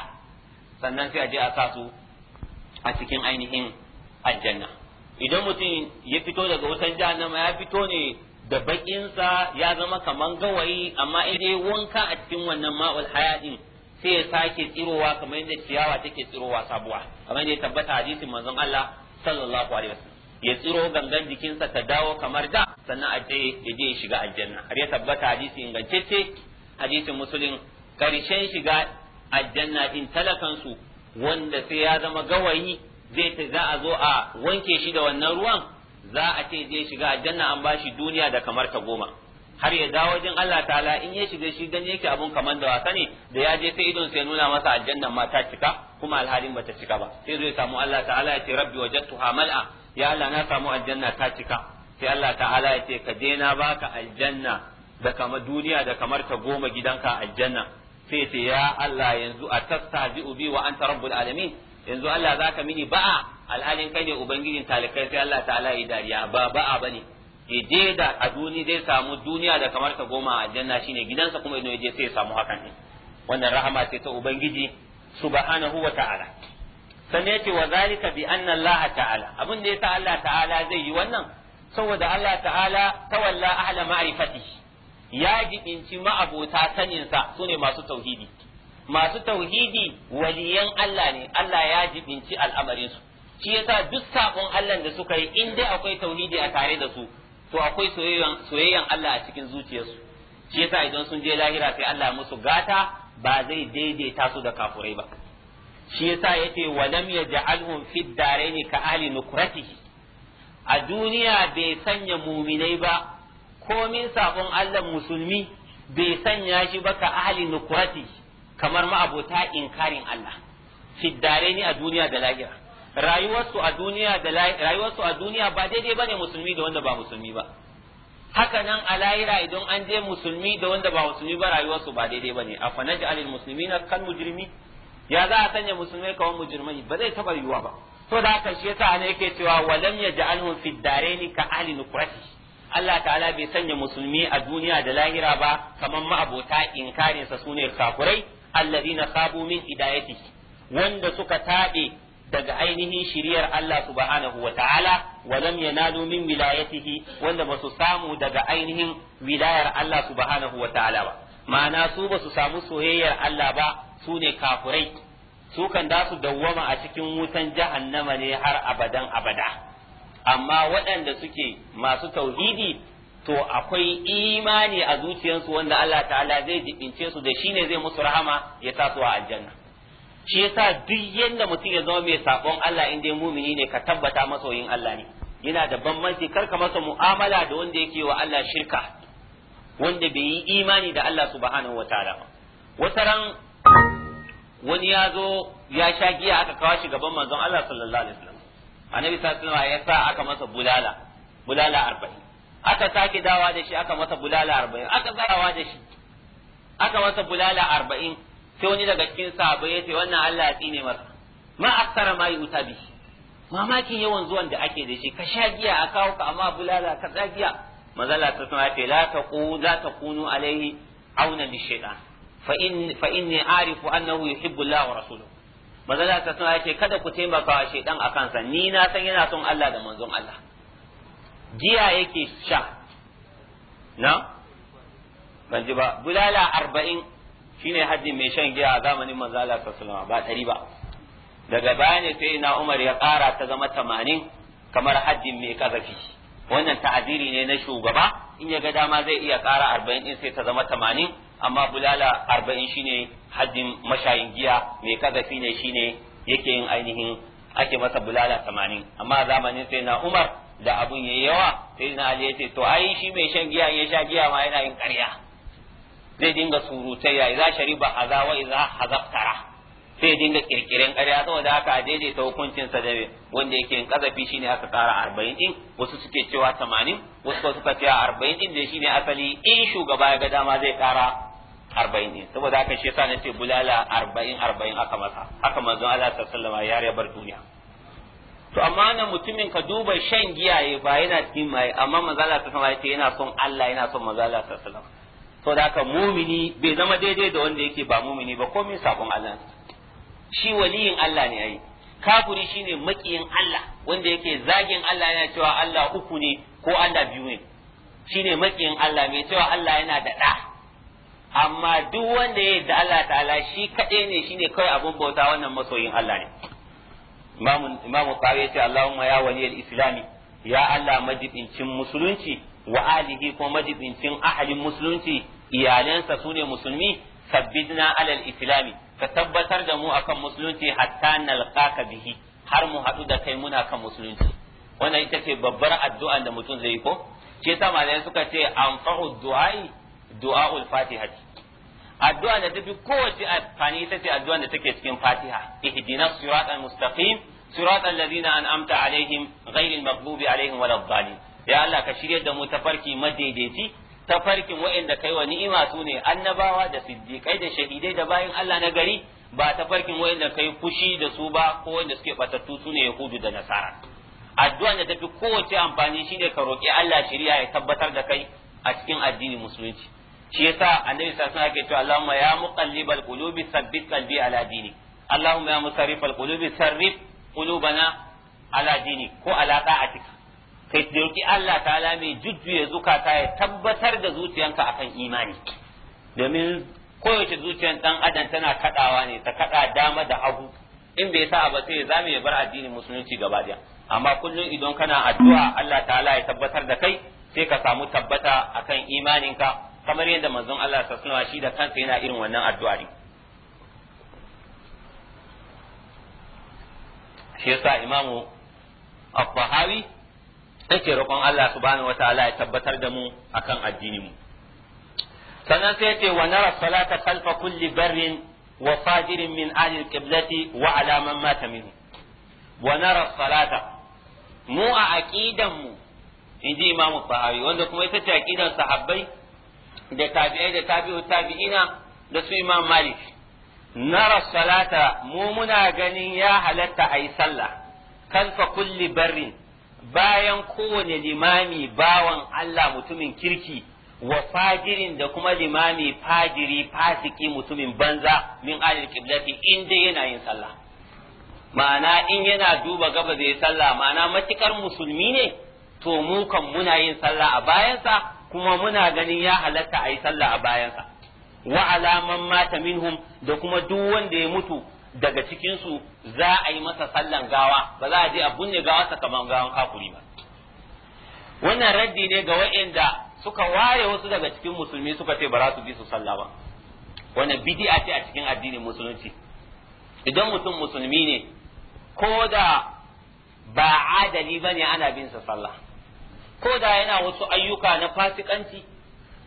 sannan sai a je a sa su a cikin ainihin aljanna idan mutum ya fito daga wutan jahannama ya fito ne da bakinsa ya zama kaman gawayi amma idan ya wanka a cikin wannan ma'ul hayadin sai ya sake tsirowa kamar yadda ciyawa take tsirowa sabuwa kamar ya tabbata hadisin manzon Allah sallallahu alaihi wasallam ya tsiro gangan jikinsa ta dawo kamar da sannan a je ya je shiga aljanna har ya tabbata hadisi ingantacce hadisin musulun karshen shiga aljanna din talakansu wanda sai ya zama gawayi zai ta za a zo a wanke shi da wannan ruwan za a ce zai shiga aljanna an bashi duniya da kamar ta goma har ya dawo wajen Allah ta'ala in ya shiga shi dan yake abun kamar da wasa ne da ya je sai idon sai nuna masa aljanna ma ta cika kuma alhalin bata cika ba sai zai samu Allah ta'ala ya ce rabbi wajadtuha mal'a ya Allah na samu aljanna ta cika sai Allah ta'ala ya ce ka je na baka aljanna da kamar duniya da kamar ta goma gidanka aljanna sai ce ya Allah yanzu a bi wa anta rabbul alamin yanzu Allah zaka mini ba'a alhalin kai ne ubangijin talikai sai Allah ta'ala ya dariya ba ba'a bane je da a duni zai samu duniya da kamar ta goma a janna shine gidansa kuma idan je sai ya samu hakan ne wannan rahama ce ta ubangiji subhanahu wa ta'ala sanne yake wa zalika bi anna Allah ta'ala abin da yasa Allah ta'ala zai yi wannan saboda Allah ta'ala tawalla ahla ma'rifati ya jibinci ma'abota sa sune masu tauhidi masu tauhidi waliyan Allah ne Allah ya jibinci al'amarinsu shi yasa duk sabon Allah da suka yi in dai akwai tauhidi a tare da su to akwai soyayyan Allah a cikin zuciyarsu shi yasa idan sun je lahira sai Allah ya musu gata ba zai daidaita su da kafurai ba shi yasa yace walam yaj'alhum fi daraini ka ahli nukratihi a duniya bai sanya muminai ba komin sabon Allah musulmi bai sanya shi ba ka ahli nukratihi kamar ma'abota inkarin Allah fi a duniya da lahira rayuwarsu a duniya da rayuwarsu a duniya ba daidai bane musulmi da wanda ba musulmi ba haka nan a lahira idan an je musulmi da wanda ba musulmi ba rayuwarsu ba daidai bane a fanaji alil muslimina kan mujrimi ya za a sanya musulmai kawai mujrimai ba zai taba yiwuwa ba to da haka shi yasa ne yake cewa walam yaj'alhum fi daraini ka ahli nukrati Allah ta'ala bai sanya musulmi a duniya da lahira ba kamar ma'abota inkarinsa sune kafurai alladina khabu min hidayati wanda suka taɓe daga ainihin shiriyar Allah subhanahu wa ta'ala wa lam yanalu min wilayatihi wanda ba su samu daga ainihin wilayar Allah subhanahu wa ta'ala ba ma'ana su ba su samu soyayyar Allah ba su ne kafurai su kan da su dawwama a cikin wutan jahannama ne har abadan abada amma waɗanda suke masu tauhidi to akwai imani a zuciyarsu wanda Allah ta'ala zai jibince su da shi ne zai musu rahama ya sa su a aljanna shi yasa duk yanda mutum ya zama mai sabon Allah in dai mumini ne ka tabbata masoyin Allah ne yana da bambanci kar ka masa mu'amala da wanda yake wa Allah shirka wanda bai yi imani da Allah subhanahu wataala ba wataran wani ya zo ya sha giya aka kawo shi gaban manzon Allah sallallahu alaihi wasallam annabi sallallahu alaihi wasallam ya sa aka masa bulala bulala 40 aka sake dawa da shi aka masa bulala 40 aka dawa da shi aka masa bulala arba'in sai wani daga cikin sahabbai ya ce wannan Allah ya tsine masa ma aksara ma yi wuta bi mamakin yawan zuwan da ake da shi ka sha giya a kawo ka amma bulala ka tsagiya mazala ta sama ce la ta ku za ta kunu alaihi auna li shaytan fa in fa inni arifu annahu yuhibbu Allah wa rasuluhu mazala ta sama ce kada ku taimaka wa shaytan akan sa ni na san yana son Allah da manzon Allah giya yake sha na ban ji ba bulala arba'in shine haddin mai shan giya a zamanin manzo Allah sallallahu ba ɗari ba daga baya ne sai na Umar ya ƙara ta zama tamanin kamar haddin mai kazafi wannan ta'aziri ne na shugaba in ya ga dama zai iya ƙara arba'in din sai ta zama tamanin amma bulala arba'in shine haddin mashayin giya mai kazafi ne shine yake yin ainihin ake masa bulala tamanin amma zamanin sai na Umar da abun yayi yawa sai na Ali ya ce to ai shi mai shan giya ya sha giya ma yana yin ƙarya zai dinga surutayya idza shariba haza wa idza hazaftara sai dinga kirkiren ƙarya saboda haka a daidaita hukuncin sa da wanda yake in kazafi shine aka tsara 40 din wasu suke cewa 80 wasu suka ce 40 din ne shine asali in shugaba ya ga dama zai ƙara 40 din saboda haka shi yasa ce bulala 40 40 aka masa haka manzon Allah sallallahu alaihi wasallam ya bar duniya to amma nan mutumin ka duba shan giya ba yana cikin mai amma manzon Allah sallallahu alaihi wasallam yana son Allah yana son manzon Allah sallallahu alaihi wasallam da haka mumini bai zama daidai da wanda yake ba mumini ba komai sabon Allah shi waliyin Allah ne ai kafiri shine makiyin Allah wanda yake zagin Allah yana cewa Allah uku ne ko Allah biyu ne shine makiyin Allah mai cewa Allah yana da da amma duk wanda ya da Allah ta'ala shi kaɗai ne shine kawai abun bauta wannan masoyin Allah ne imamu imamu ya ce Allahumma ya waliyal islami ya Allah majibincin musulunci wa alihi ko majibincin ahalin musulunci iyalansa su ne musulmi sabbidna alal islami ka tabbatar da mu akan musulunci hatta nalqaka bihi har mu haɗu da kai muna kan musulunci wannan ita ce babbar addu'a da mutum zai yi ko shi yasa suka ce anfa'u du'ai du'aul fatihati addu'a da tafi kowace amfani ita ce addu'a da take cikin fatiha ihdinas siratal mustaqim siratal ladina an'amta alaihim ghairil maghdubi alaihim waladdallin ya Allah ka shirye da mu tafarki madaidaici tafarkin wa'inda kai wa ni'ima su ne annabawa da siddiƙai da shahidai da bayin Allah na gari ba tafarkin wa'inda kai fushi da su ba ko wanda suke batattu su ne yahudu da nasara addu'a da tafi kowace amfani shi ne ka roki Allah shiriya ya tabbatar da kai a cikin addini musulunci shi yasa annabi sallallahu alaihi wasallam cewa Allahumma ya muqallibal qulubi tsabbit qalbi ala dini Allahumma ya musarrifal qulubi sarrif qulubana ala dini ko a ta'atika kai roki Allah ta'ala mai jujjuya zukata ya tabbatar da zuciyanka akan imani domin koyaushe zuciyan dan adam tana kaɗawa ne ta kada dama da abu, in bai sa ba sai zamu ya bar addinin musulunci gaba daya amma kullum idan kana addu'a Allah ta'ala ya tabbatar da kai sai ka samu tabbata akan imaninka kamar yadda manzon Allah sallallahu alaihi shi da kansa yana irin wannan addu'a ne shi yasa imamu al Sai ke roƙon Allah subhanahu wataala ya tabbatar da mu akan addinin mu sannan sai ce wa nara salata khalfa kulli barrin wa fajirin min ahli al-qiblati wa ala man mata minhu wa nara salata mu a aqidan mu inji imamu sahabi wanda kuma ita ce aqidan sahabbai da tabi'ai da tabi'u tabi'ina da su imam malik nara salata mu muna ganin ya halatta ayi sallah khalfa kulli barrin bayan kowane limami bawan Allah mutumin kirki wa fajirin da kuma limami fajiri fasiki mutumin banza min alil kiblati in dai yana yin sallah ma'ana in yana duba gaba zai yi sallah ma'ana matukar musulmi ne to mu kan muna yin sallah a bayansa kuma muna ganin ya halatta ayi yi sallah a bayansa wa alaman mata minhum da kuma duk wanda ya mutu daga cikinsu za a yi masa sallan gawa ba za a je a bunne sa kamar gawan kafuri ba wannan raddi ne ga waɗanda suka ware wasu daga cikin musulmi suka ce ba za su bi su sallah ba wannan bid'a ce a cikin addinin musulunci idan mutum musulmi ne ko da ba adali bane ana bin sa sallah ko da yana wasu ayyuka na fasikanci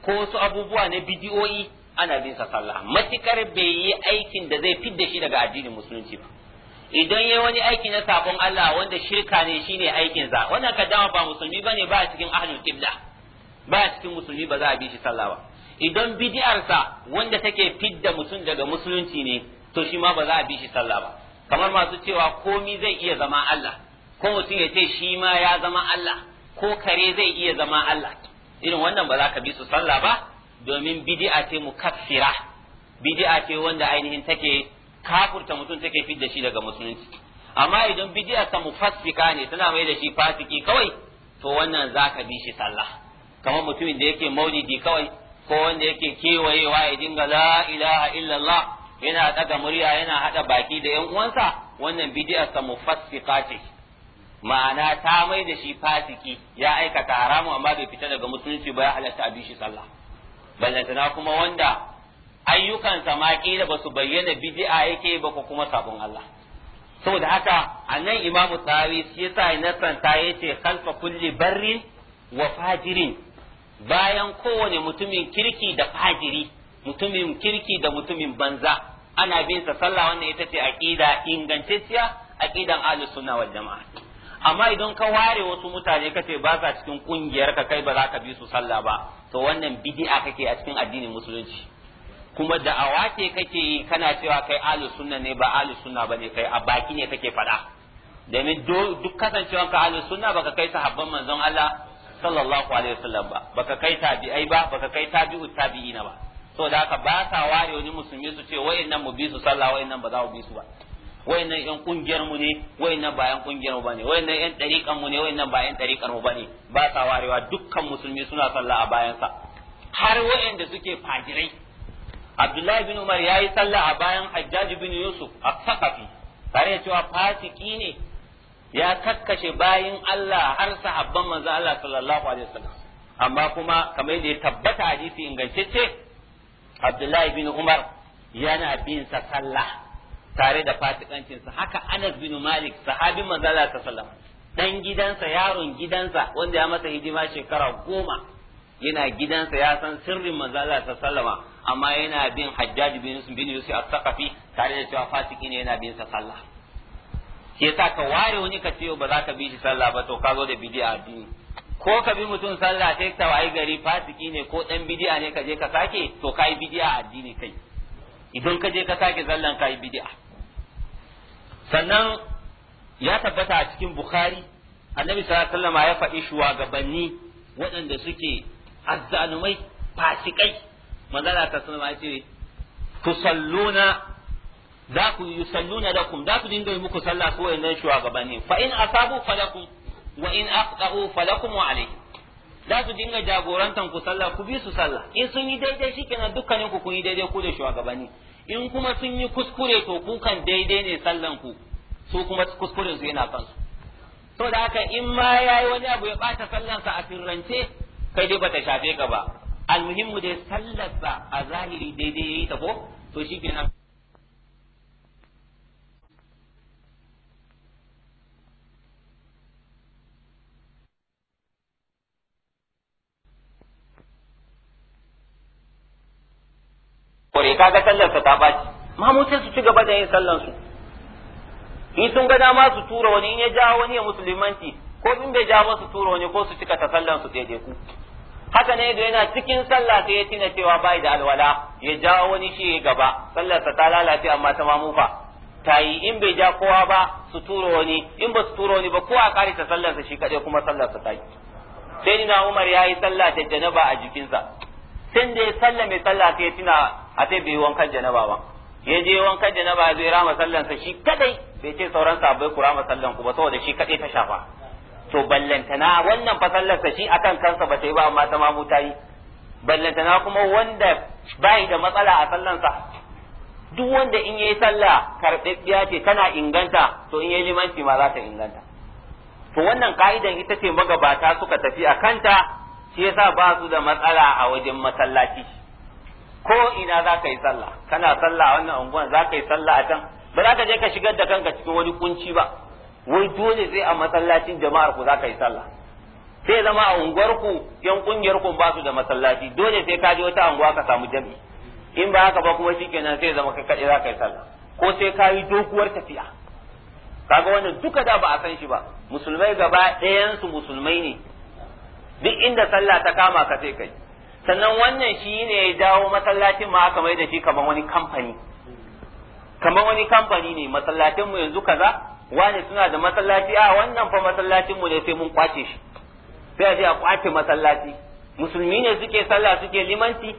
ko wasu abubuwa na bid'o'i ana bin sa sallah matikar bai yi aikin da zai fidda shi daga addinin musulunci ba idan yayi wani aiki na sabon Allah wanda shirka ne shine aikin sa wannan kaddama ba musulmi bane ba cikin ahlul qibla ba cikin musulmi ba za a bi shi sallah ba idan sa wanda take fidda mutum daga musulunci ne to shi ma ba za a bi shi sallah ba kamar masu cewa komi zai iya zama Allah ko mutum ya ce shi ma ya zama Allah ko kare zai iya zama Allah irin wannan ba za ka bi su sallah ba domin bid'a ce mukaffira bid'a ce wanda ainihin take kafurta mutum take fidda shi daga musulunci amma idan bid'a ta mufassika ne tana mai da shi fasiki kawai to wannan zaka bi shi sallah kamar mutumin da yake maulidi kawai ko wanda yake kewayewa ya dinga la ilaha illallah yana daga murya yana hada baki da yan uwansa wannan bid'a ta mufassika ce ma'ana ta mai da shi fasiki ya aikata haramu amma bai fita daga musulunci ba ya halatta a bi shi sallah ballantana kuma wanda ayyukansa ma kila ba bayyana bid'a yake ba ko kuma sabon Allah saboda haka annan imamu tsari shi yasa ya nasanta yace khalfa kulli barrin wa fajirin bayan kowane mutumin kirki da fajiri mutumin kirki da mutumin banza ana bin sa sallah wannan ita ce aqida ingantacciya aqidan ahlus sunna wal jama'a amma idan ka ware wasu mutane kace ba sa cikin kungiyar ka kai ba za ka bi su sallah ba to wannan bid'a kake a cikin addinin musulunci kuma da wake kake yi kana cewa kai ahlus sunna ne ba ahlus sunna bane kai a baki ne kake faɗa domin duk kasancewan ka ahlus sunna baka kai sahabban manzon Allah sallallahu alaihi wasallam ba baka kai tabi'ai ba baka kai tabi'u tabi'ina ba saboda ka ba sa ware wani musulmi su ce wayannan mu bi su sallah wayannan ba za mu bi su ba wayannan yan kungiyar mu ne wayannan ba kungiyar mu bane wayannan yan dariƙan mu ne wayannan ba dariƙar mu bane ba sa warewa dukkan musulmi suna sallah a bayan sa har wayanda suke fajirai Abdullahi bin Umar yayi sallah a bayan Hajjaj bin Yusuf as-Saqafi tare da cewa fasiki ne ya kakkashe bayin Allah har sahabban manzo Allah sallallahu alaihi wasallam amma kuma kamar yadda ya tabbata hadisi ingantacce Abdullahi bin Umar yana bin sa sallah tare da fasikancinsa haka Anas bin Malik sahabin manzo Allah sallallahu dan gidansa yaron gidansa wanda ya masa hidima shekara goma yana gidansa ya san sirrin manzo Allah sallallahu amma yana bin Hajjaj bin Yusuf bin Yusuf al saqafi tare da cewa fasiki ne yana bin sa sallah Ke sa ka ware wani ka ce ba za ka bi shi sallah ba to ka zo da bid'a addini ko ka bi mutum sallah sai ta wayi gari fasiki ne ko dan bid'a ne ka je ka sake to kai bid'a addini kai idan ka je ka sake zallan kai bid'a sannan ya tabbata a cikin bukhari annabi sallallahu alaihi wasallam ya faɗi shugabanni waɗanda suke azzalumai fasikai manzala ta sunan ya ce tusalluna za ku da lakum za ku dinga yi muku sallah su wayannan shugabanni fa in asabu falakum wa in aqta'u falakum wa alayhi za su dinga jagorantan ku sallah ku bi su sallah in sun yi daidai shikenan dukkanin ku kun yi daidai ku da shugabanni in kuma sun yi kuskure to kukan daidai ne sallan ku su kuma kuskure su yana kansu to da haka in ma ya yi wani abu ya bata sallansa a sirrance kai dai bata shafe ka ba almuhimmu dai sallarsa a zahiri daidai yayi ta ko to shi kenan kore kaga sallar ta baci mamucin su ci gaba da yin sallan su in sun ga dama su tura wani in ya ja wani ya musulmanci ko in bai jawo su tura wani ko su cika ta sallan su daidai ku haka ne da yana cikin sallah sai ya tina cewa bai da alwala ya ja wani shi ya gaba sallar ta lalace amma ta mamufa ta yi in bai ja kowa ba su tura wani in ba su tura wani ba kowa kare ta sallar sa shi kadai kuma sallar sa ta yi sai na Umar yayi yi sallah da janaba a jikinsa sai da ya mai sallah sai ya tuna a ta bai wankan janaba ba ya je wankan janaba zai rama sallansa shi kadai bai ce sauran sabai ku rama sallan ku ba saboda shi kadai ta shafa to ballantana wannan fa sallarsa shi akan kansa ba ta yi ba amma ta mamu ta yi ballantana kuma wanda bai da matsala a sallansa duk wanda in yayi sallah karɓaɓɓiya ce kana inganta to in yayi limanci ma za ta inganta to wannan ka'idan ita ce magabata suka tafi a kanta shi yasa ba su da matsala a wajen masallaci ko ina za ka yi sallah kana sallah a wannan unguwan za ka yi sallah a can ba za ka je ka shigar da kanka cikin wani kunci ba wai dole sai a masallacin jama'ar ku za ka yi sallah sai zama a unguwar ku yan kungiyar ku ba su da masallaci dole sai ka je wata unguwa ka samu jami'i in ba haka ba kuma shikenan sai zama ka kaɗe za ka yi sallah ko sai ka yi doguwar tafiya kaga wannan duka da ba a san shi ba musulmai gaba ɗayan su musulmai ne duk inda sallah ta kama ka sai kai sannan wannan shi ne ya dawo masallacin ma aka mai da shi kamar wani kamfani kamar wani kamfani ne masallacin mu yanzu kaza wani suna da masallaci a wannan fa masallacin mu ne sai mun kwace shi sai a je a kwace masallaci musulmi ne suke sallah suke limanci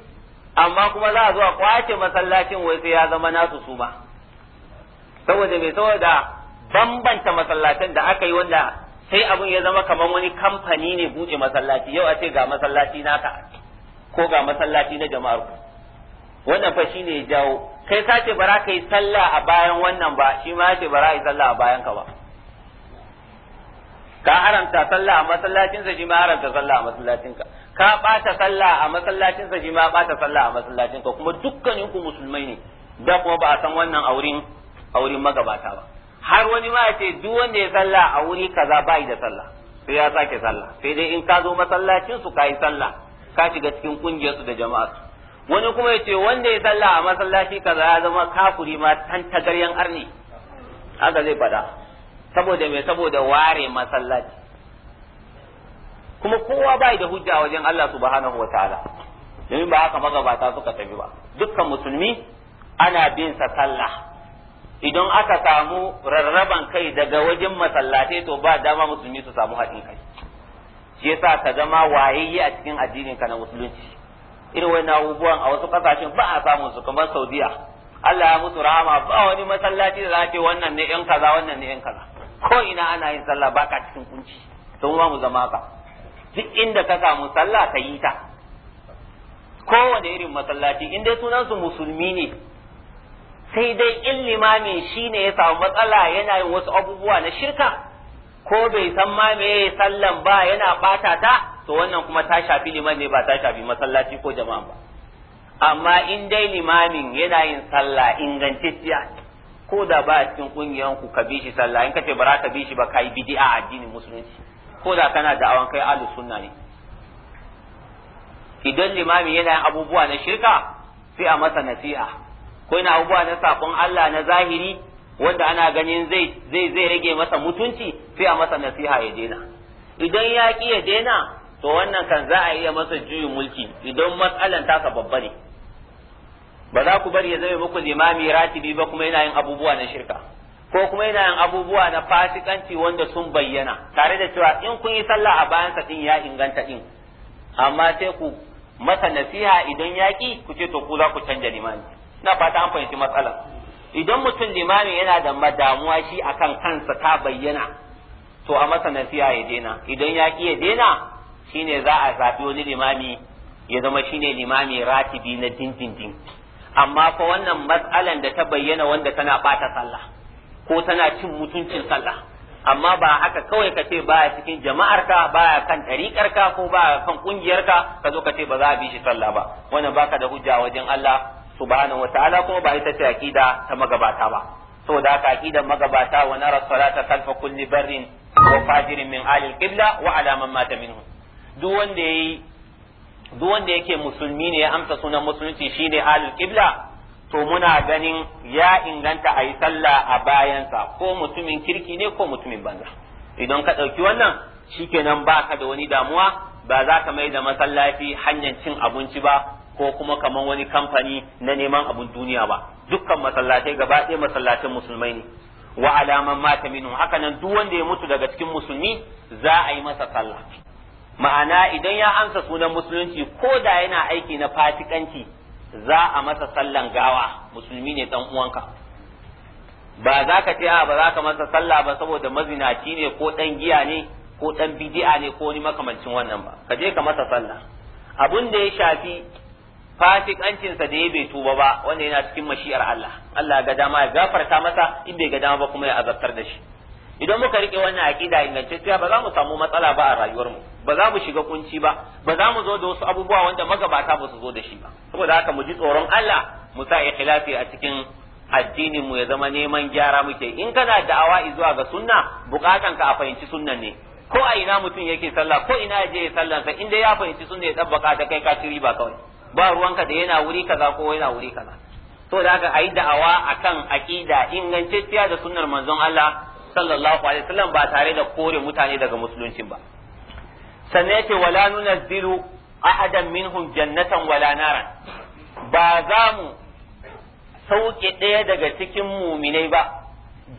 amma kuma za a zo a kwace masallacin wai sai ya zama nasu su ba saboda mai saboda bambanta masallacin da aka yi wanda sai abun ya zama kamar wani kamfani ne buɗe masallaci yau a ce ga masallaci naka ko ga masallaci na jama'ar ku wannan fa shine ya jawo kai ka ce bara ka yi sallah a bayan wannan ba shi ma ce bara yi sallah a bayan ka ba ka haramta sallah a masallacinsa shi ma haramta sallah a masallacinka ka bata sallah a masallacinsa shi ma bata sallah a masallacinka kuma dukkanin ku musulmai ne da kuma ba a san wannan aurin aurin magabata ba har wani ma ya duk wanda ya sallah a wuri kaza bai da sallah sai ya sake sallah sai dai in ka zo masallacin su kai sallah ka shiga cikin kungiyar su da jama'a wani kuma ya ce wanda ya salla a masallaci kaza ya zama kafuri ma tan tagaryan arni haka zai faɗa saboda me saboda ware masallaci kuma kowa bai da hujja wajen Allah subhanahu wataala domin ba haka magabata suka tafi ba dukkan musulmi ana bin sa sallah idan aka samu rarraban kai daga wajen masallatai to ba dama musulmi su samu haɗin kai shi yasa ka zama wayayye a cikin addinin ka na musulunci irin wani abubuwan a wasu kasashen ba a samun su kamar saudiya Allah ya musu rahama ba wani masallaci da za ce wannan ne yan kaza wannan ne yan kaza ko ina ana yin sallah ba ka cikin kunci don ma mu zama ka duk inda ka samu sallah ka yi ta kowane irin masallaci in dai sunan su musulmi ne sai dai in limamin shi ne ya samu matsala yana yin wasu abubuwa na shirka ko bai san ma me sallan ba yana bata ta to wannan kuma ta shafi liman ne ba ta shafi masallaci ko jama'a ba amma in dai limamin yana yin sallah ingantacciya ko da ba cikin kungiyan ku ka bi shi sallah in kace bara ka bi ba kai bid'a addinin musulunci ko da kana awan kai ahlus sunna ne idan limamin yana yin abubuwa na shirka sai a masa nasiha ko ina abubuwa na sakon Allah na zahiri wanda ana ganin zai zai zai rage masa mutunci sai a masa nasiha ya daina idan ya ki ya daina to wannan kan za a iya masa juyin mulki idan matsalan tasa babba ne ba za ku bari ya zame muku limami ratibi ba kuma yana yin abubuwa na shirka ko kuma yana yin abubuwa na fasikanci wanda sun bayyana tare da cewa in kun yi sallah a bayansa din ya inganta din amma sai ku masa nasiha idan yaki ku ce to ku za ku canja limami na fata an fahimci matsalar idan mutum limami yana da madamuwa shi akan kansa ta bayyana to a masa nasiha ya dena idan ya ki ya dena shine za a zaɓi wani limami ya zama shine limami ratibi na dindindin amma fa wannan matsalan da ta bayyana wanda tana bata sallah ko tana cin mutuncin sallah amma ba haka kawai ka ce baya cikin jama'arka baya kan ɗariƙarka ko baya kan ƙungiyarka ka zo ka ce ba za a bi shi sallah ba wannan baka da hujja wajen Allah subhanahu wataala kuma ba ita ce aqida ta magabata ba saboda haka aqidan magabata wa nara salata kalfa kulli barrin wa fajirin min alil qibla wa ala man mata duk wanda yayi duk wanda yake musulmi ne ya amsa sunan musulunci shine alil qibla to muna ganin ya inganta a yi sallah a bayansa ko mutumin kirki ne ko mutumin banza idan ka ɗauki wannan shikenan ba ka da wani damuwa ba za ka mai da masallaci hanyar cin abinci ba ko kuma kaman wani kamfani na neman abun duniya ba dukkan masallatai gaba ɗaya masallatan musulmai ne wa alaman mata minu haka nan duk wanda ya mutu daga cikin musulmi za a yi masa sallah ma'ana idan ya amsa sunan musulunci ko da yana aiki na fatikanci za a masa sallan gawa musulmi ne dan uwanka ba za ka ce ba za ka masa sallah ba saboda mazinaci ne ko dan giya ne ko dan bid'a ne ko ni makamancin wannan ba ka je ka masa sallah abun da ya shafi fasikancinsa da ya bai tuba ba wanda yana cikin mashi'ar Allah Allah ga dama ya gafarta masa in bai ga dama ba kuma ya azabtar da shi idan muka rike wannan aqida ingantacciya ba za mu samu matsala ba a rayuwar mu ba za mu shiga kunci ba ba za mu zo da wasu abubuwa wanda magabata ba su zo da shi ba saboda haka mu ji tsoron Allah mu sa ikhlasi a cikin addinin mu ya zama neman gyara muke in kana da'awa zuwa ga sunna bukatan ka a fahimci sunnan ne ko a ina mutum yake sallah ko ina je ya sallansa inda ya fahimci sunna ya tabbaka ta kai ka ci riba kawai ba ruwanka da yana wuri kaza ko yana wuri kaza to da haka ayi da'awa akan aqida ingantacciya da sunnar manzon Allah sallallahu alaihi wasallam ba tare da kore mutane daga musulunci ba sanne yace wala nunazzilu ahadan minhum jannatan wala naran ba za mu sauke ɗaya daga cikin muminai ba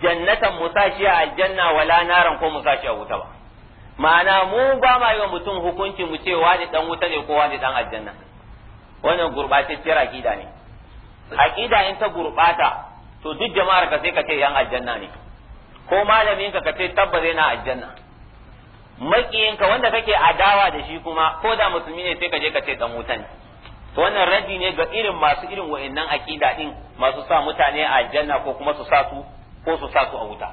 jannatan musashi a aljanna wala naran ko musashi a wuta ba ma'ana mu ba ma yi wa mutum hukunci mu ce wani dan wuta ne ko wani dan aljanna wannan gurbatacciyar aqida ne aqida in ta gurbata to duk jama'ar ka sai ka ce yan aljanna ne ko malamin ka ka ce tabbas yana aljanna makiyin ka wanda kake adawa da shi kuma ko da musulmi ne sai ka je ka ce dan wutan. to wannan raddi ne ga irin masu irin wa'annan aqida din masu sa mutane a aljanna ko kuma su sa su ko su sa a wuta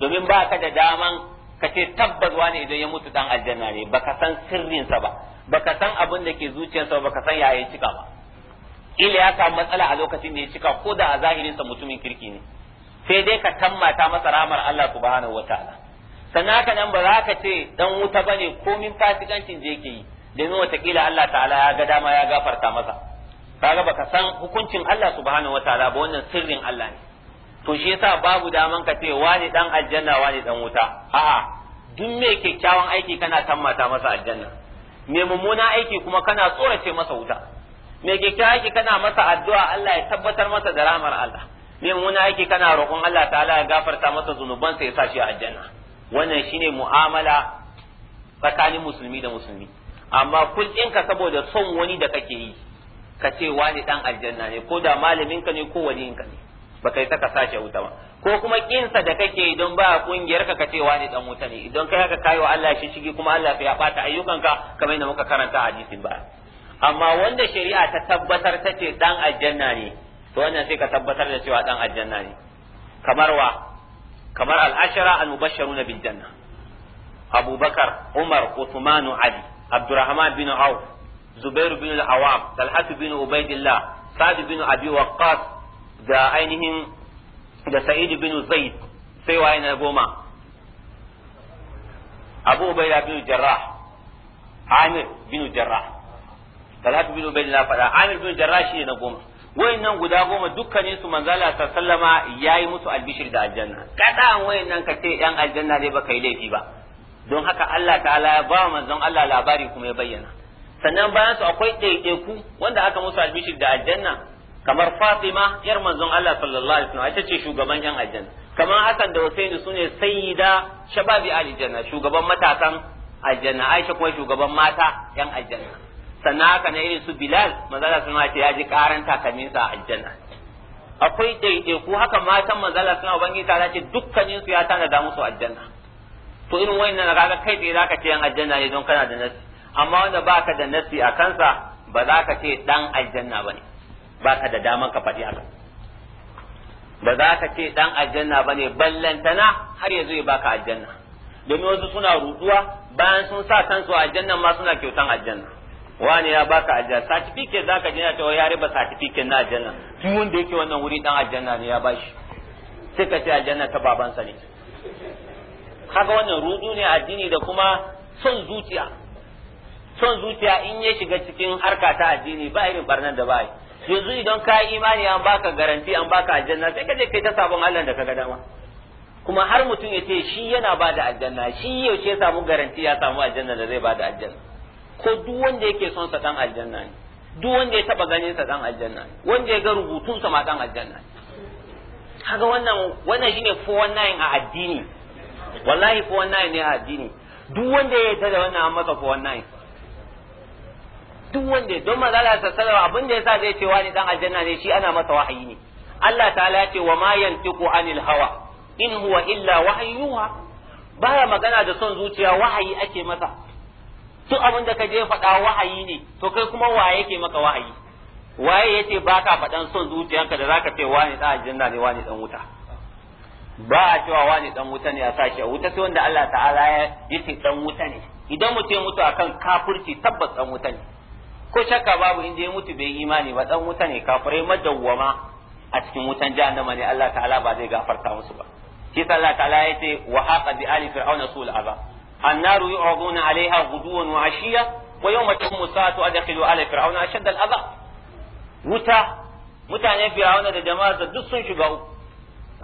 domin ba ka da daman ka ce tabbas wani idan ya mutu dan aljanna ne baka san sirrinsa ba baka san abin da ke zuciyarsa baka san yaya ya cika ba ila ya samu matsala a lokacin da ya cika ko da a zahirinsa mutumin kirki ne sai dai ka tammata masa ramar Allah subhanahu wataala sannan haka nan ba za ka ce dan wuta bane komin fasikancin je yake yi domin watakila Allah ta'ala ya ga dama ya gafarta masa kaga baka san hukuncin Allah subhanahu wataala ba wannan sirrin Allah ne to shi yasa babu daman ka ce wani dan aljanna wani dan wuta a'a duk me kyakkyawan aiki kana tammata masa aljanna mai mummuna aiki kuma kana tsorace masa wuta mai kyakkyawan aiki kana masa addu'a Allah ya tabbatar masa da ramar Allah mai mummuna aiki kana roƙon Allah ta'ala ya gafarta masa zunubansa ya sa shi a aljanna wannan shine mu'amala tsakanin musulmi da musulmi amma kulɗinka saboda son wani da kake yi ka ce wani dan aljanna ne ko da malamin ka ne ko ka ne baka yi saka sace wuta ba ko kuma kinsa da kake don ba kungiyar ka ka cewa dan wuta ne idan kai haka kayo Allah shi shigi kuma Allah sai ya bata ayyukanka kamar yadda muka karanta a hadisin ba amma wanda shari'a ta tabbatar ta ce dan aljanna ne to wannan sai ka tabbatar da cewa dan aljanna ne kamar wa kamar al-ashara al-mubashsharuna bil janna abubakar umar uthman ali abdurrahman bin auf zubair bin al-awam talhat bin ubaidillah sa'd bin abi waqqas da ainihin da sa'id bin zaid sai waye na goma abu ubaida bin jarrah amir bin jarrah Talat bin ubaida na faɗa amir bin jarrah shi ne na goma wayannan guda goma dukkanin su manzala ta sallama yayi musu albishir da aljanna kada wayannan ka ce yan aljanna zai baka yi laifi ba don haka Allah ta'ala ya ba manzon Allah labari kuma ya bayyana sannan bayan su akwai ɗaiɗaiku wanda aka musu albishir da aljanna kamar Fatima yar manzon Allah sallallahu alaihi wasallam ita ce shugaban yan aljanna kamar Hassan da Hussein sune sayyida shababi aljanna shugaban matasan aljanna Aisha kuma shugaban mata yan aljanna sannan haka na irin su Bilal manzala sun ce ya ji karan takamin a aljanna akwai ɗaiɗaiku haka matan manzala suna ubangi ta ce dukkanin su ya tanada musu aljanna to irin wayannan kaga kai tsaye zaka ce yan aljanna ne don kana da nasi amma wanda baka da nasi a kansa ba za ka ce dan aljanna bane baka da daman ka faɗi akan. ba za ka ce dan aljanna bane ballantana har yanzu ya baka aljanna domin wasu suna ruduwa bayan sun sa kansu aljanna ma suna kyautan aljanna wani ya baka aljanna certificate zaka ka na cewa ya riba certificate na aljanna tun wanda yake wannan wuri dan aljanna ne ya bashi sai ka ce aljanna ta babansa ne kaga wannan rudu ne addini da kuma son zuciya son zuciya in ya shiga cikin harka ta addini ba irin barnan da ba yi yanzu idan ka yi imani an baka garanti an baka aljanna sai ka je kai ta sabon Allah da ka ga dama kuma har mutum ya ce shi yana ba da aljanna shi yaushe ya samu garanti ya samu aljanna da zai ba da aljanna ko duk wanda yake son sa dan aljanna ne duk wanda ya taba ganin sa dan aljanna ne wanda ya ga rubutun sa ma dan aljanna ne kaga wannan wannan shine 419 a addini wallahi 419 ne a addini duk wanda ya yarda da wannan an masa 419 duk wanda don zala ta sallallahu abin da yasa zai ce wani dan aljanna ne shi ana masa wahayi ne Allah ta'ala ya ce wa ma yantiqu anil hawa in huwa illa wahyuha baya magana da son zuciya wahayi ake masa duk abin da ka je faɗa wahayi ne to kai kuma waye yake maka wahayi waye yace baka faɗan son zuciyarka da zaka ce wani dan aljanna ne wani dan wuta ba a cewa wani dan wuta ne a sashi a wuta sai wanda Allah ta'ala ya yace dan wuta ne idan mutum ya mutu akan kafirci tabbas dan wuta ne ko shakka babu in ya mutu bai imani ba dan wuta ne kafirai madawwama a cikin wutan jahannama ne Allah ta'ala ba zai gafarta musu ba shi yasa Allah ta'ala ya ce wa haqa bi ali fir'auna sul azab annaru yu'aduna 'alayha ghuduwan wa 'ashiya wa yawma taqumu sa'atu adkhilu ala fir'auna ashadda al'azab wuta mutane fir'auna da jama'ar jama'arsa duk sun shiga uku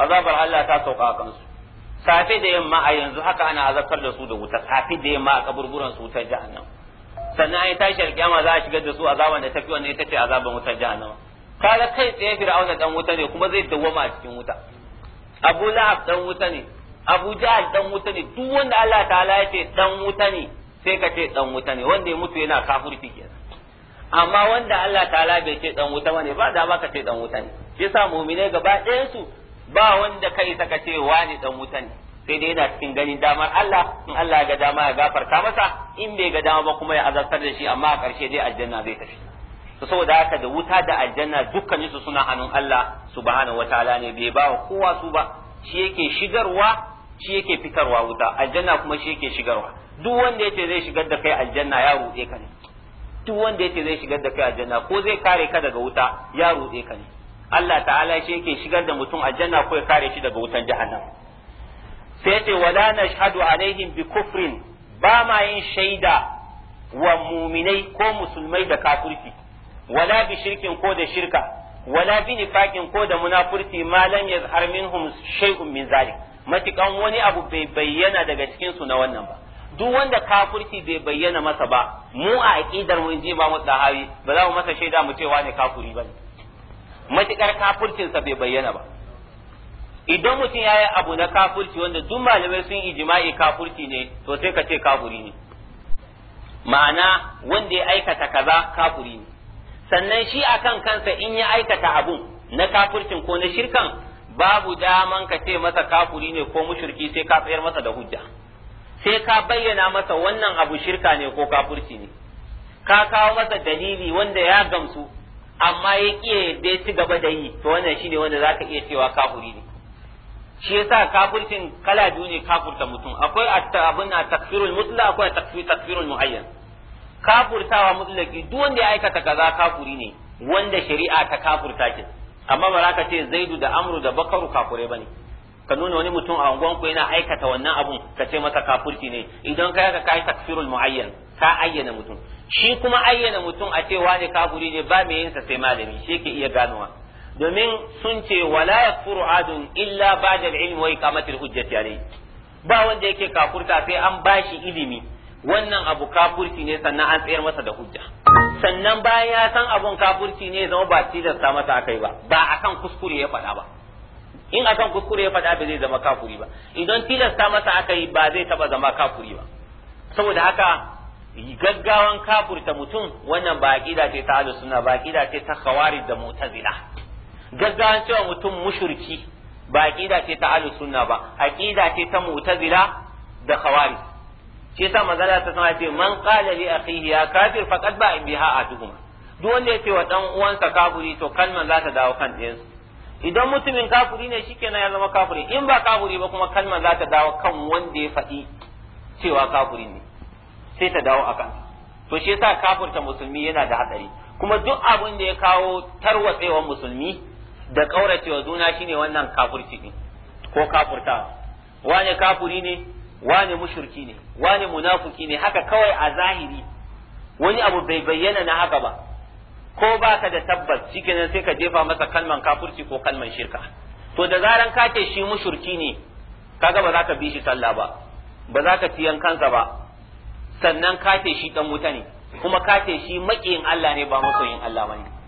azabar Allah ta sauka a kansu safe da yamma a yanzu haka ana azabtar da su da wuta safe da yamma a kaburburan su wutar jahannam sannan ai tashi alkiyama za a shigar da su azaban da tafi wannan ita ce azaban wutar jahannama kaga kai tsaye fir'auna dan wuta ne kuma zai dawwama a cikin wuta abu la'ab dan wuta ne abu jahal dan wuta ne duk wanda Allah ta'ala ya ce dan wuta ne sai ka ce dan wuta ne wanda ya mutu yana kafirci kenan amma wanda Allah ta'ala bai ce dan wuta bane ba da ba ka ce dan wuta ne yasa mu'mine gaba ɗayan su ba wanda kai saka ce wani dan wuta ne sai dai yana cikin ganin damar Allah in Allah ya ga dama ya gafarta masa in bai ga dama ba kuma ya azabtar da shi amma a ƙarshe dai aljanna zai tafi to saboda haka da wuta da aljanna dukkan su suna hannun Allah subhanahu wataala ne bai ba wa kowa su ba shi yake shigarwa shi yake fitarwa wuta aljanna kuma shi yake shigarwa duk wanda yace zai shigar da kai aljanna ya ruɗe ka ne duk wanda yace zai shigar da kai aljanna ko zai kare ka daga wuta ya ruɗe ka ne Allah ta'ala shi yake shigar da mutum aljanna ko ya kare shi daga wutan jahannam sai ce wala nashhadu alaihim bi kufrin ba ma yin shaida wa muminai ko musulmai da kafirci wala bi shirkin ko da shirka wala bi nifaqin ko da munafurci ma lam yazhar minhum shay'un min zalik matikan wani abu bai bayyana daga cikin su na wannan ba duk wanda kafirci bai bayyana masa ba mu a aqidar mu inji da hawi ba za mu masa shaida mu cewa ne kafiri bane matikar kafircin sa bai bayyana ba idan mutum ya yi abu na kafurci wanda duk malamai sun jima'i kafurci ne to sai ka ce kafuri ne ma'ana wanda ya aikata kaza kafuri ne sannan shi akan kansa in ya aikata abun na kafurcin ko na shirkan babu daman ka ce masa kafuri ne ko mushirki sai ka tsayar masa da hujja sai ka bayyana masa wannan abu shirka ne ko kafurci ne ka kawo masa dalili wanda ya gamsu amma ya kiyaye ya ci gaba da yi to wannan shine wanda zaka iya cewa kafuri ne shi yasa kafircin kala biyu ne kafurta mutum akwai abin a takfirul mutla akwai a takfirul muayyan kafurtawa mutlaki duk wanda ya aikata kaza kafuri ne wanda shari'a ta kafurta ki amma ba za ka ce zaidu da amru da bakaru kafure bane ka nuna wani mutum a unguwan ku yana aikata wannan abun ka ce masa kafurci ne idan ka yaka kai takfirul muayyan ka ayyana mutum shi kuma ayyana mutum a ce wani kafuri ne ba mai yinsa sai malami shi ke iya ganowa domin sun ce wala furu adun illa ba'da da ilimi wai iqamati hujjar hujjati ba wanda yake kafurta sai an bashi ilimi wannan abu kafurci ne sannan an tsayar masa da hujja sannan bayan ya san abun kafurci ne zama ba tilasta masa akai ba ba akan kuskure ya faɗa ba in akan kuskure ya faɗa ba zai zama kafuri ba idan tilasta masa akai ba zai taba zama kafuri ba saboda haka gaggawan kafurta mutum wannan ba aqida ce ta ahlus ba aqida ce ta khawarij da mu'tazila gaggawan cewa mutum mushriki ba aqida ce ta ahlus sunna ba aqida ce ta mu'tazila da khawarij shi yasa magana ta sama ce man qala li akhihi ya kafir faqad ba biha aduhuma duk wanda yace wa dan uwansa kafiri to kalman za ta dawo kan ɗayansu idan mutumin kafiri ne shikenan ya zama kafiri in ba kafiri ba kuma kalman za ta dawo kan wanda ya faɗi cewa kafiri ne sai ta dawo kan. to shi yasa kafirta musulmi yana da hatsari kuma duk abin da ya kawo tarwatsewa musulmi da kauracewa juna shine wannan kafirci din ko kafurtawa wane kafuri ne wane mushurki ne wane munafuki ne haka kawai a zahiri wani abu bai bayyana na haka ba ko baka da tabbas nan sai ka jefa masa kalman kafurci ko kalman shirka to da zaran ka ce shi mushurki ne kaga ba za ka bi shi sallah ba ba za ka ci kansa ba sannan ka ce shi dan wuta ne kuma ka ce shi maƙiyin Allah ne ba masoyin Allah bane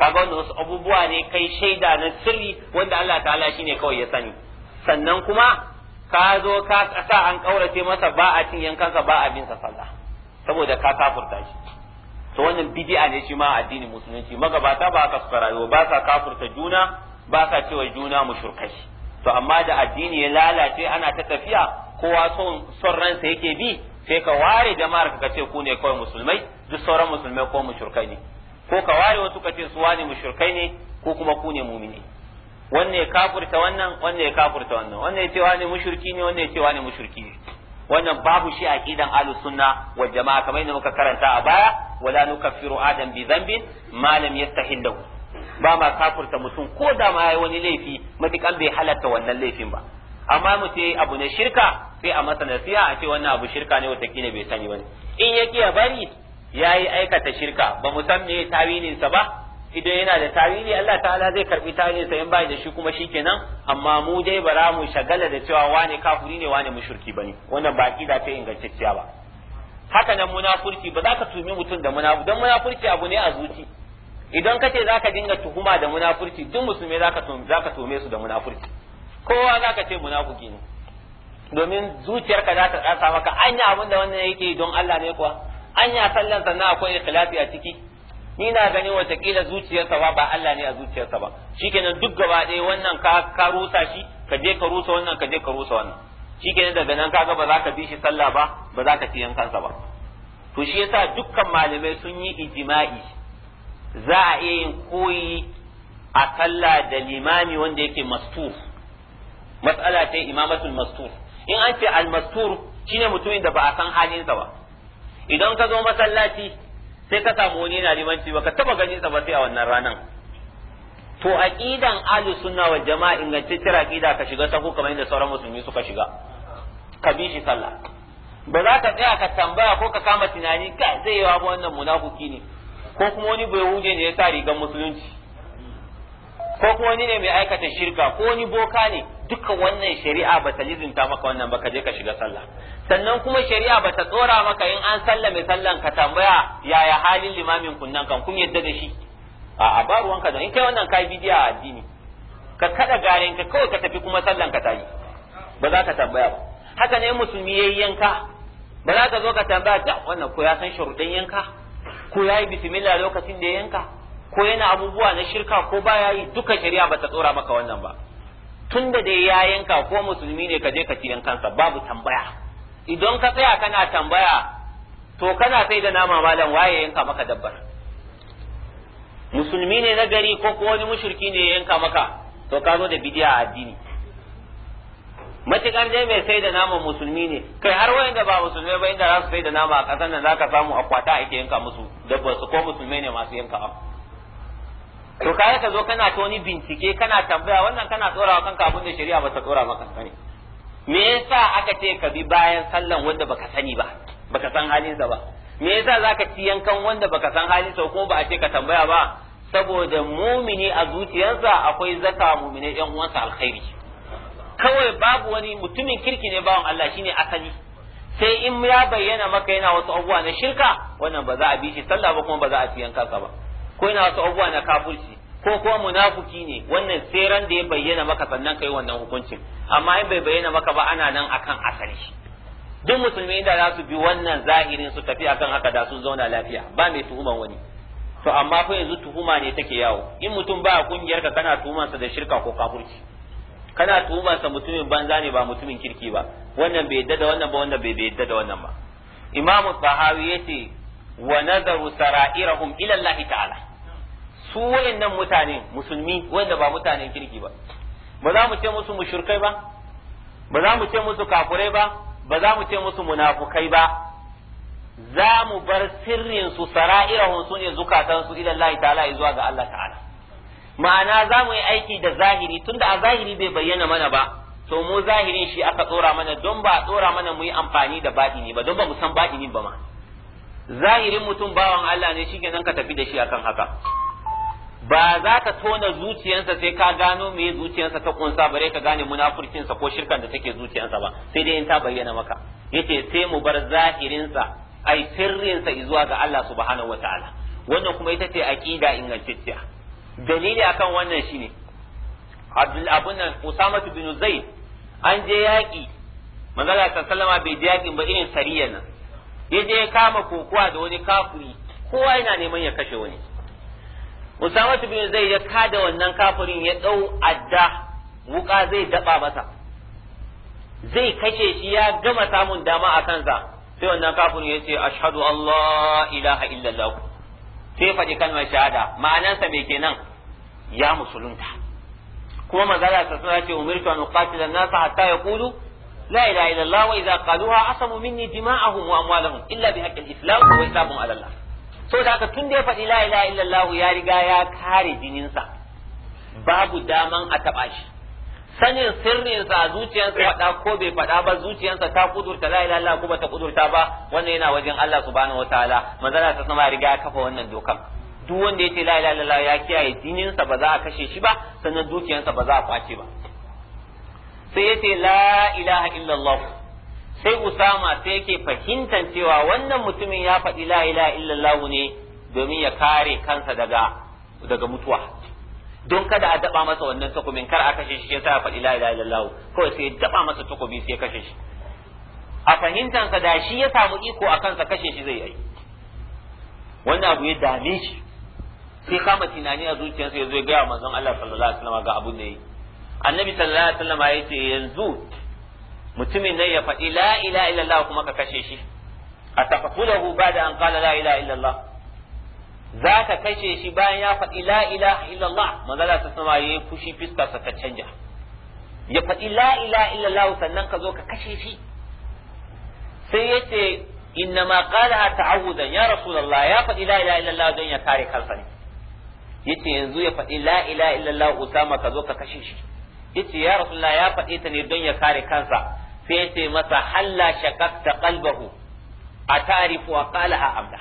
kaga wannan wasu abubuwa ne kai shaida na sirri wanda Allah ta'ala shi ne kawai ya sani sannan kuma ka zo ka sa an kaurace masa ba a cin yankansa ba a bin sa sallah saboda ka kafurta shi to wannan bid'a ne shi ma addinin musulunci magabata ba ka suka rayuwa ba sa kafurta juna ba sa cewa juna mushrikai to amma da addini ya lalace ana ta tafiya kowa son son ransa yake bi sai ka ware jama'ar ka ce ku ne kawai musulmai duk sauran musulmai ko mushrikai ne ko ka ware wasu ka ce su wani mushrikai ne ko kuma ku ne mumini wanne ya kafurta wannan wanne ya kafurta wannan wanne ya ce wani mushriki ne wanne ya ce wani mushriki ne wannan babu shi a kidan ahlus sunna wal jamaa kamar yadda muka karanta a baya wala nukaffiru adam bi dhanbin ma lam yastahillahu ba ma kafurta mutum ko da ma yayi wani laifi matukan bai halatta wannan laifin ba amma mu ce abu ne shirka sai a masa nasiha a ce wannan abu shirka ne wata bai sani bane in yake ya bari Ya yi aikata shirka ba mu san me tawilin sa ba idan yana da tawili Allah ta'ala zai karbi tawilin sa in bai da shi kuma shikenan amma mu dai ba za mu shagala da cewa wane kafiri ne wane mushriki bane wannan ba kida ta ingantacciya ba haka nan munafurci ba za ka tumi mutum da munafurci don munafurci abu ne a zuci idan ka ce za ka dinga tuhuma da munafurci duk musulmi za ka tume su da munafurci kowa za ka ce munafuki ne domin zuciyarka za ta kasa maka anya abin da wannan yake don Allah ne kuwa anya sallan sannan akwai ikhlasi a ciki ni na ganin watakila zuciyarsa ba ba Allah ne a zuciyarsa ba shikenan duk gaba ɗaya wannan ka ka rusa shi ka je ka rusa wannan ka je ka rusa wannan shikenan daga nan kaga ba za ka bi shi sallah ba ba za ka ci kansa ba to shi yasa dukkan malamai sun yi ijma'i za a iya yin koyi a sallah da limami wanda yake mastur mas'ala ta imamatul mastur in an ce al mastur shine mutumin da ba a san halinsa ba idan ka zo masallaci sai ka samu wani yana limanci ka taba ganin sa ba sai a wannan ranan to aqidan ahlus sunna wal jama'a tira aqida ka shiga ta ko kamar yadda sauran musulmi suka shiga ka bi shi sallah ba za ka tsaya ka tambaya ko ka kama tunani ka zai yi wa wannan munafiki ne ko kuma wani bai huje ne ya sa rigar musulunci ko kuma wani ne mai aikata shirka ko wani boka ne duka wannan shari'a ba ta lizinta maka wannan ba ka je ka shiga sallah sannan kuma shari'a ba ta tsora maka in an sallame sallan ka tambaya yaya halin limamin kunnan kan kun yadda da shi a ba ruwanka da in kai wannan kai bidiya a addini ka kada garin ka kawai ka tafi kuma sallan ka tayi ba za ka tambaya ba haka ne musulmi yayi yanka ba za ka zo ka tambaya da wannan ko ya san sharuɗin yanka ko ya yi bismillah lokacin da yanka ko yana abubuwa na shirka ko ba ya yi duka shari'a ba ta tsora maka wannan ba tunda da ya yanka ko musulmi ne ka je ka ci yankansa babu tambaya idan ka tsaya kana tambaya to kana sai da nama malam waye yanka maka dabbar musulmi ne na gari ko kuma wani mushriki ne ya yanka maka to ka zo da bidiya a addini matukar dai mai sai da nama musulmi ne kai har wayan da ba musulmai ba inda za su sai da nama a kasan nan zaka samu akwata ake yanka musu dabbar su ko musulmai ne masu yanka abu to kai ka zo kana ta wani bincike kana tambaya wannan kana tsorawa kanka abin da shari'a ba ta tsora maka sani me yasa aka ce ka bi bayan sallan wanda baka sani ba baka san halinsa ba me yasa zaka ci yankan wanda baka san halinsa ko ba a ce ka tambaya ba saboda mumini a zuciyarsa akwai zaka mumine yan uwansa alkhairi kawai babu wani mutumin kirki ne bawan Allah shine asali sai in ya bayyana maka yana wasu abubuwa na shirka wannan ba za a bi shi sallah ba kuma ba za a ci yanka ka ba ko yana wasu abubuwa na kafirci ko kuma munafuki ne wannan tseren da ya bayyana maka sannan kai wannan hukuncin amma in bai bayyana maka ba ana nan akan asali duk musulmi da za su bi wannan zahirin su tafi akan haka da sun zauna lafiya ba mai tuhuman wani to amma fa yanzu tuhuma ne take yawo in mutum ba kungiyar ka kana tuhuman sa da shirka ko kafirci kana tuhuman sa mutumin banza ne ba mutumin kirki ba wannan bai yadda da wannan ba wannan bai yadda da wannan ba imamu tahawi yace wa nazaru sara'irahum ila Allah ta'ala su wayannan mutane musulmi wanda ba mutanen kirki ba ba za mu ce musu mushrikai ba ba za mu ce musu kafurai ba ba za mu ce musu munafukai ba za mu bar sirrin su sara'irahun su ne zukatan su ila Allah ta'ala zuwa ga Allah ta'ala ma'ana za mu yi aiki da zahiri tunda a zahiri bai bayyana mana ba to mu zahirin shi aka tsora mana don ba a tsora mana mu yi amfani da batini ba don ba mu san batini ba ma zahirin mutum bawan Allah ne shi shikenan ka tafi da shi akan haka ba za ka tona zuciyarsa sai ka gano me zuciyarsa ta kunsa bare ka gane munafurcinsa ko shirkan da take zuciyarsa ba sai dai in ta bayyana maka yace sai mu bar zahirinsa ai sirrinsa zuwa ga Allah subhanahu wataala wannan kuma ita ce aqida ingantacciya dalili akan wannan shine Abdul Abun Usama bin Zaid an je yaki manzala sallama bai je yakin ba irin sariyan nan yaje ya kama kokuwa da wani kafiri kowa yana neman ya kashe wani Usama bin zai ya kada wannan kafirin ya ɗau adda wuka zai daɓa masa zai kashe shi ya gama samun dama a kansa sai wannan kafirin ya ce ashadu Allah ilaha illallah sai faɗi kalmar shahada ma'anansa mai kenan ya musulunta kuma mazala sa suna ce umirtu an uqatila an-nasa hatta yaqulu la ilaha illallah wa idza qaluha asamu minni dima'ahum wa amwalahum illa bihaqqi islam wa hisabun ala Allah so da haka tun da ya faɗi la ilaha ya riga ya kare jininsa babu daman a taɓa shi sanin sirrinsa a zuciyarsa faɗa ko bai faɗa ba zuciyarsa ta kudurta la ilaha ko bata kudurta ba wannan yana wajen Allah subhanahu ta'ala manzala ta sama riga ya kafa wannan dokan duk wanda ya ce la ilaha ya kiyaye jininsa ba za a kashe shi ba sannan zuciyarsa ba za a kwace ba sai ya ce la ilaha illallah sai usama sai yake fahimtan cewa wannan mutumin ya faɗi la ilaha illallah ne domin ya kare kansa daga daga mutuwa don kada a daba masa wannan takobin kar a kashe shi sai ya faɗi la ilaha illallah kawai sai ya daba masa takobi sai ya kashe shi a fahimtansa da shi ya samu iko a kansa kashe shi zai yi wannan abu ya dame shi sai kama tunani a zuciyarsa ya zo ya ga manzon Allah sallallahu alaihi wasallam ga abun da yi annabi sallallahu alaihi wasallam ya ce yanzu mutumin nan ya faɗi la ilaha illallah kuma ka kashe shi a taqtulahu ba'da an qala la ilaha illallah ka kashe shi bayan ya faɗi la ilaha illallah manzala ta sama ya yi fushi fiska sa ka canja ya faɗi la ilaha illallah sannan ka zo ka kashe shi sai ya yace inna ma qala ta'awudan ya rasulallah ya faɗi la ilaha illallah don ya kare kansa ne yace yanzu ya faɗi la ilaha illallah usama ka zo ka kashe shi Ya ce ya rasulallah ya faɗe ta ne don ya kare kansa sai ce masa halla shakakta kalbahu a tarifu kala a amda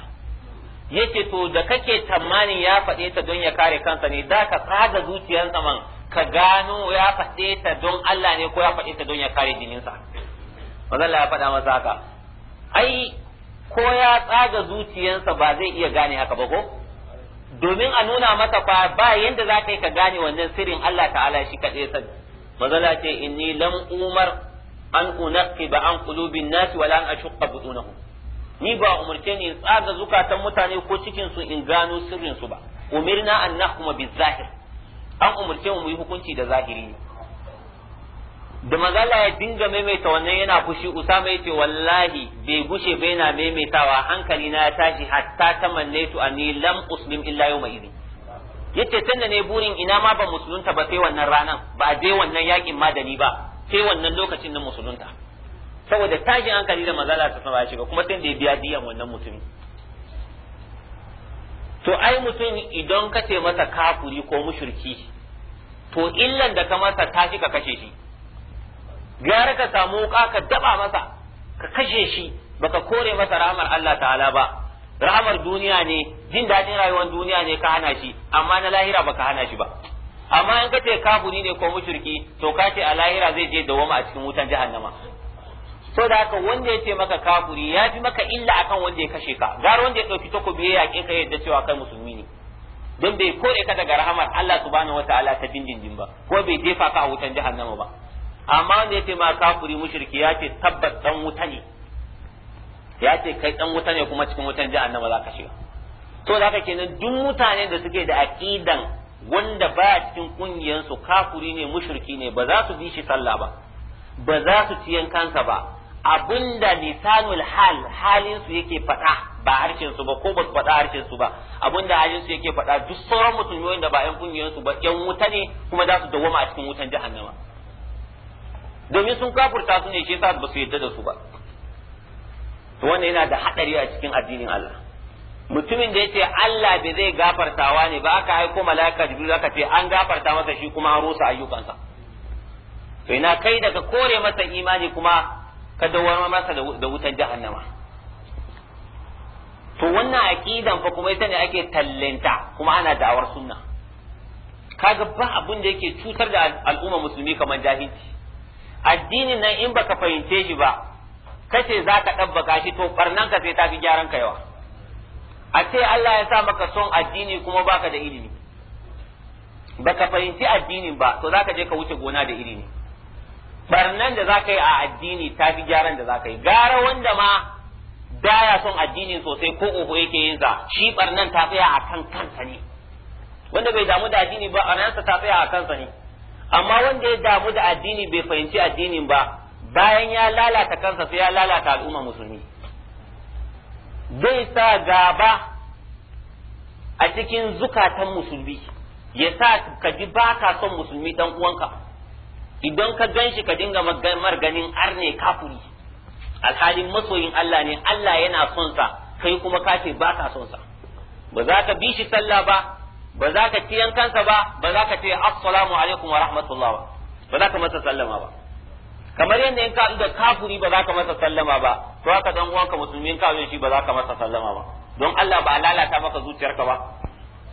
yake to da kake tamanin ya faɗe ta don ya kare kansa ne da ka tsaga zuciyarsa man ka gano ya faɗe ta don Allah ne ko ya faɗe ta don ya kare jininsa manzon ya faɗa masa haka ai ko ya tsaga zuciyarsa ba zai iya gane haka ba ko domin a nuna masa fa ba yanda za ka yi ka gane wannan sirrin Allah ta'ala shi kaɗai sani mazala ce inni lam umar an ba an qulubin nas wala an ashqa budunahum ni ba umurke ni in tsaga zukatan mutane ko cikin su in gano sirrin su ba umirna an nahkuma zahir. an umurke mu yi hukunci da zahiri ne da Magala ya dinga maimaita wannan yana fushi usama yace wallahi bai gushe bai na maimaitawa hankali na ya tashi hatta tamannaitu anni lam uslim illa yawma idin yace tunda ne burin ina ma ba musulunta ba sai wannan ranan ba dai wannan yakin ma da ba sai wannan lokacin na musulunta saboda tashin hankali da mazala ta sama shiga kuma sai da biya diyan wannan mutumin to ai mutum idan ka ce masa kafuri ko mushurki, to illan da ka masa ta ka kashe shi gyara ka samu wuka ka daba masa ka kashe shi baka kore masa rahamar Allah ta'ala ba rahamar duniya ne jin daɗin rayuwar duniya ne ka hana shi amma na lahira baka hana shi ba amma in kace kafuri ne ko mushriki to ka ce a lahira zai je dawama a cikin wutan jahannama so da haka wanda ya ce maka kafuri ya fi maka illa akan wanda ya kashe ka Gar wanda ya ɗauki takobi ya yake ka da cewa kai musulmi ne don bai kore ka daga rahamar Allah subhanahu wataala ta dindindin ba ko bai jefa ka a wutan jahannama ba amma wanda ya ce ma kafuri mushriki ya ce tabbas dan wuta ne ya ce kai dan wuta ne kuma cikin wutan jahannama za ka shiga to da haka kenan duk mutanen da suke da aqidan wanda baya cikin kungiyar kafuri ne mushriki ne ba za su bi shi sallah ba ba za su ci yankansa ba abinda lisanul hal halin su yake faɗa ba harshen su ba ko ba su faɗa harshen su ba abinda halin su yake faɗa duk sauran musulmi da ba yan kungiyar su ba yan wuta ne kuma za su dawoma a cikin wutan jahannama domin sun kafurta su ne shi yasa ba su yarda da su ba to wannan yana da hadari a cikin addinin Allah mutumin da yace Allah bai zai gafartawa ne ba aka aiko mala'ika jibril aka ce an gafarta masa shi kuma an rusa ayyukansa to ina kai daga kore masa imani kuma ka dawar masa da wutar jahannama to wannan aqidan fa kuma ita ne ake tallenta kuma ana da'awar sunna kaga ba abin da yake cutar da al'umma musulmi kamar jahilci addinin nan in baka fahimce shi ba kace zaka ka ɗabbaka shi to barnan sai ta fi gyaran ka yawa a ce Allah ya sa maka son addini kuma baka da ilimi baka fahimci addinin ba to zaka je ka wuce gona da ilimi barnan da zaka yi a addini ta fi gyaran da zaka yi gara wanda ma baya son addini sosai ko oho yake yin sa shi barnan ta tsaya a kan kansa ne wanda bai damu da addini ba barnansa ta tsaya a kansa ne amma wanda ya damu da addini bai fahimci addinin ba bayan ya lalata kansa sai ya lalata al'umma musulmi zai sa gaba a cikin zukatan musulmi ya sa ka ji ba ka son musulmi dan uwanka idan ka gan shi ka dinga magamar ganin arne kafuri alhalin masoyin Allah ne Allah yana sonsa kai kuma ka ce ba ka son ba za ka bi shi sallah ba ba za ka ci yankansa ba ba za ka ce assalamu alaikum wa rahmatullah ba za ka masa sallama ba kamar yadda in ka da kafuri ba za ka masa sallama ba to haka dan uwanka musulmi ka ka shi ba za ka masa sallama ba don Allah ba lalata maka zuciyarka ba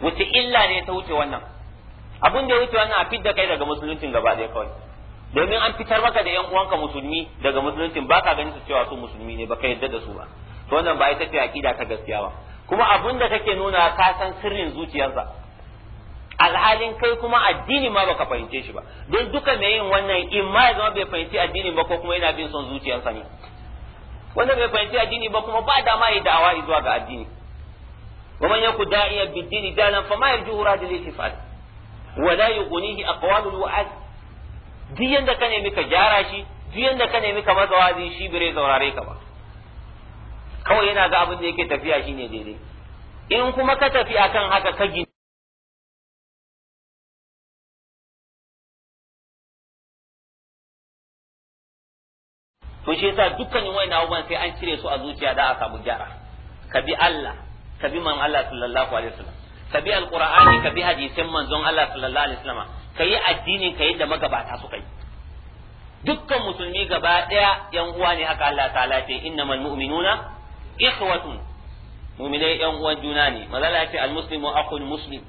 wuce illa ne ta wuce wannan abun da ya wuce wannan a fidda kai daga musuluncin gaba ɗaya kawai domin an fitar maka da yan uwanka musulmi daga musuluncin ba ka ganin su cewa su musulmi ne ba ka yadda da su ba to wannan ba ita ce aqida ta gaskiya ba kuma abun da kake nuna ka san sirrin zuciyarsa alhalin kai kuma addini ma baka fahimce shi ba don duka mai yin wannan in ma ya zama bai fahimci addini ba ko kuma yana bin son zuciyarsa ne wanda bai fahimci addini ba kuma ba da ma yi da'awa zuwa ga addini wa man yaku da'iya bid-dini dalan fa ma yarju radil ihtifal wa la yughnihi aqwalul wa'ad duk yanda ka nemi ka gyara shi duk yanda ka nemi ka masa wazi shi bire zaurare ka ba kawai yana ga abin da yake tafiya shine daidai in kuma ka tafi akan haka ka to shi yasa dukkanin wayannan abubuwan sai an cire su a zuciya da a samu gyara ka bi Allah ka bi man Allah sallallahu alaihi wasallam ka bi alqur'ani ka bi hadisin manzon Allah sallallahu alaihi wasallam ka yi addinin ka yadda magabata suka yi dukkan musulmi gaba daya yan uwa ne haka Allah ta'ala ce innamal mu'minuna ikhwatun mu'minai yan uwan juna ne mazala ce almuslimu akhul muslim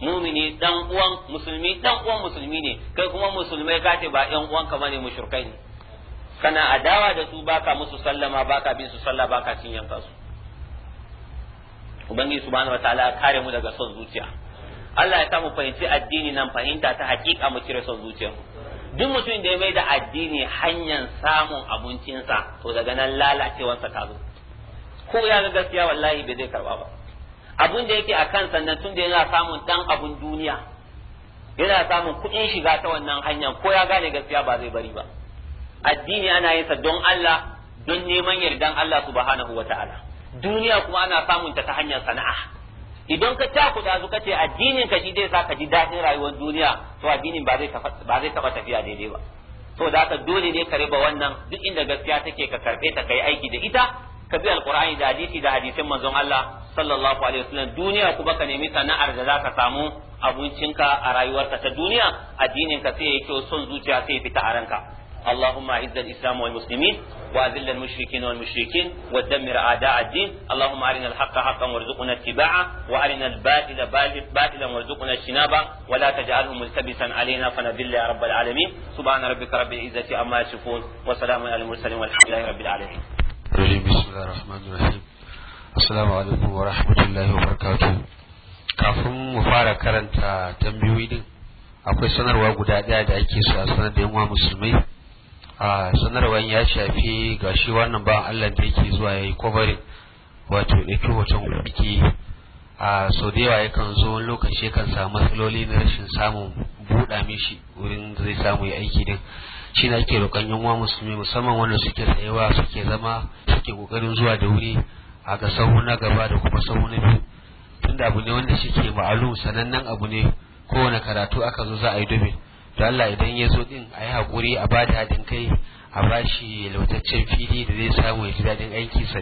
mumini dan uwan musulmi dan uwan musulmi ne kai kuma musulmai ka ce ba yan uwan uwanka bane mushrikai ne kana adawa da su baka musu sallama baka bin su sallah baka cin yanka su ubangi subhanahu wataala kare mu daga son zuciya Allah ya samu fahimci addini nan fahimta ta hakika mu cire son zuciya duk mutum da ya mai da addini hanyar samun abincinsa to daga nan lalacewarsa ta zo ko ya ga gaskiya wallahi bai zai karba ba abun da yake a kan sannan tun da yana samun dan abun duniya yana samun kuɗin shiga ta wannan hanyar ko ya gane gaskiya ba zai bari ba addini ana yin sa don Allah don neman yardan Allah subhanahu wataala duniya kuma ana samun ta ta hanyar sana'a idan ka ta kuɗa zuka ce addinin ka shi zai sa ka ji daɗin rayuwar duniya to addinin ba zai taɓa tafiya daidai ba to da ka dole ne ka riba wannan duk inda gaskiya take ka karɓe ta kai aiki da ita ka bi alqur'ani da hadisi da hadisin manzon Allah sallallahu alaihi wasallam duniya kuma ka nemi sana'ar da zaka samu abincinka a rayuwarka ta duniya addinin ka sai ya kyau son zuciya sai fita a ranka اللهم اعز الاسلام والمسلمين واذل المشركين والمشركين ودمر اعداء الدين اللهم ارنا الحق حقا وارزقنا اتباعه وارنا الباطل باطلا وارزقنا اجتنابه ولا تجعله ملتبسا علينا فنذل يا رب العالمين سبحان ربك رب العزه عما يصفون وسلام على المرسلين والحمد لله رب العالمين بسم الله الرحمن الرحيم السلام عليكم ورحمه الله وبركاته kafin mu fara karanta tambayoyi din akwai sanarwa guda ɗaya da ake so a sanar da yan musulmai a sanarwar ya shafi ga shi wannan ba Allah da yake zuwa ya yi kwabari wato ɗauki hoton biki a so da yawa yakan zo wani lokaci kan samu matsaloli na rashin samun buɗa mishi wurin zai samu ya aiki din shi na ake roƙon yan musulmi musamman wanda suke tsayewa suke zama suke ƙoƙarin zuwa da wuri a ga sahu na gaba da kuma sahu na biyu tunda abu ne wanda shi ke ma'alum sanannen abu ne kowane karatu aka zo za a yi dubin to Allah idan ya zo din a yi haƙuri a ba da haɗin kai a ba shi lautaccen fili da zai samu ya ji daɗin aiki sa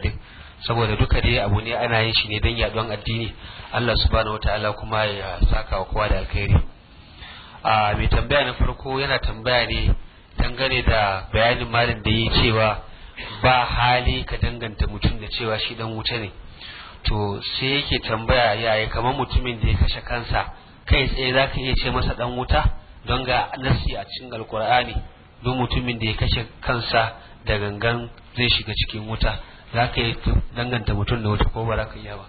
saboda duka dai abu ne ana yin shi ne don yaɗuwan addini Allah subhanahu wataala kuma ya saka wa kowa da alkhairi a mai tambaya na farko yana tambaya ne dangane da bayanin malin da yi cewa ba hali ka danganta mutum da cewa shi dan wuta ne to sai yake tambaya yaya kamar mutumin da ya kashe kansa kai tsaye za ka iya ce masa dan wuta don ga nasi a cikin alkur'ani don mutumin da ya kashe kansa da gangan zai shiga cikin wuta za ka yi danganta mutum da wuta ko ba za ka yi ba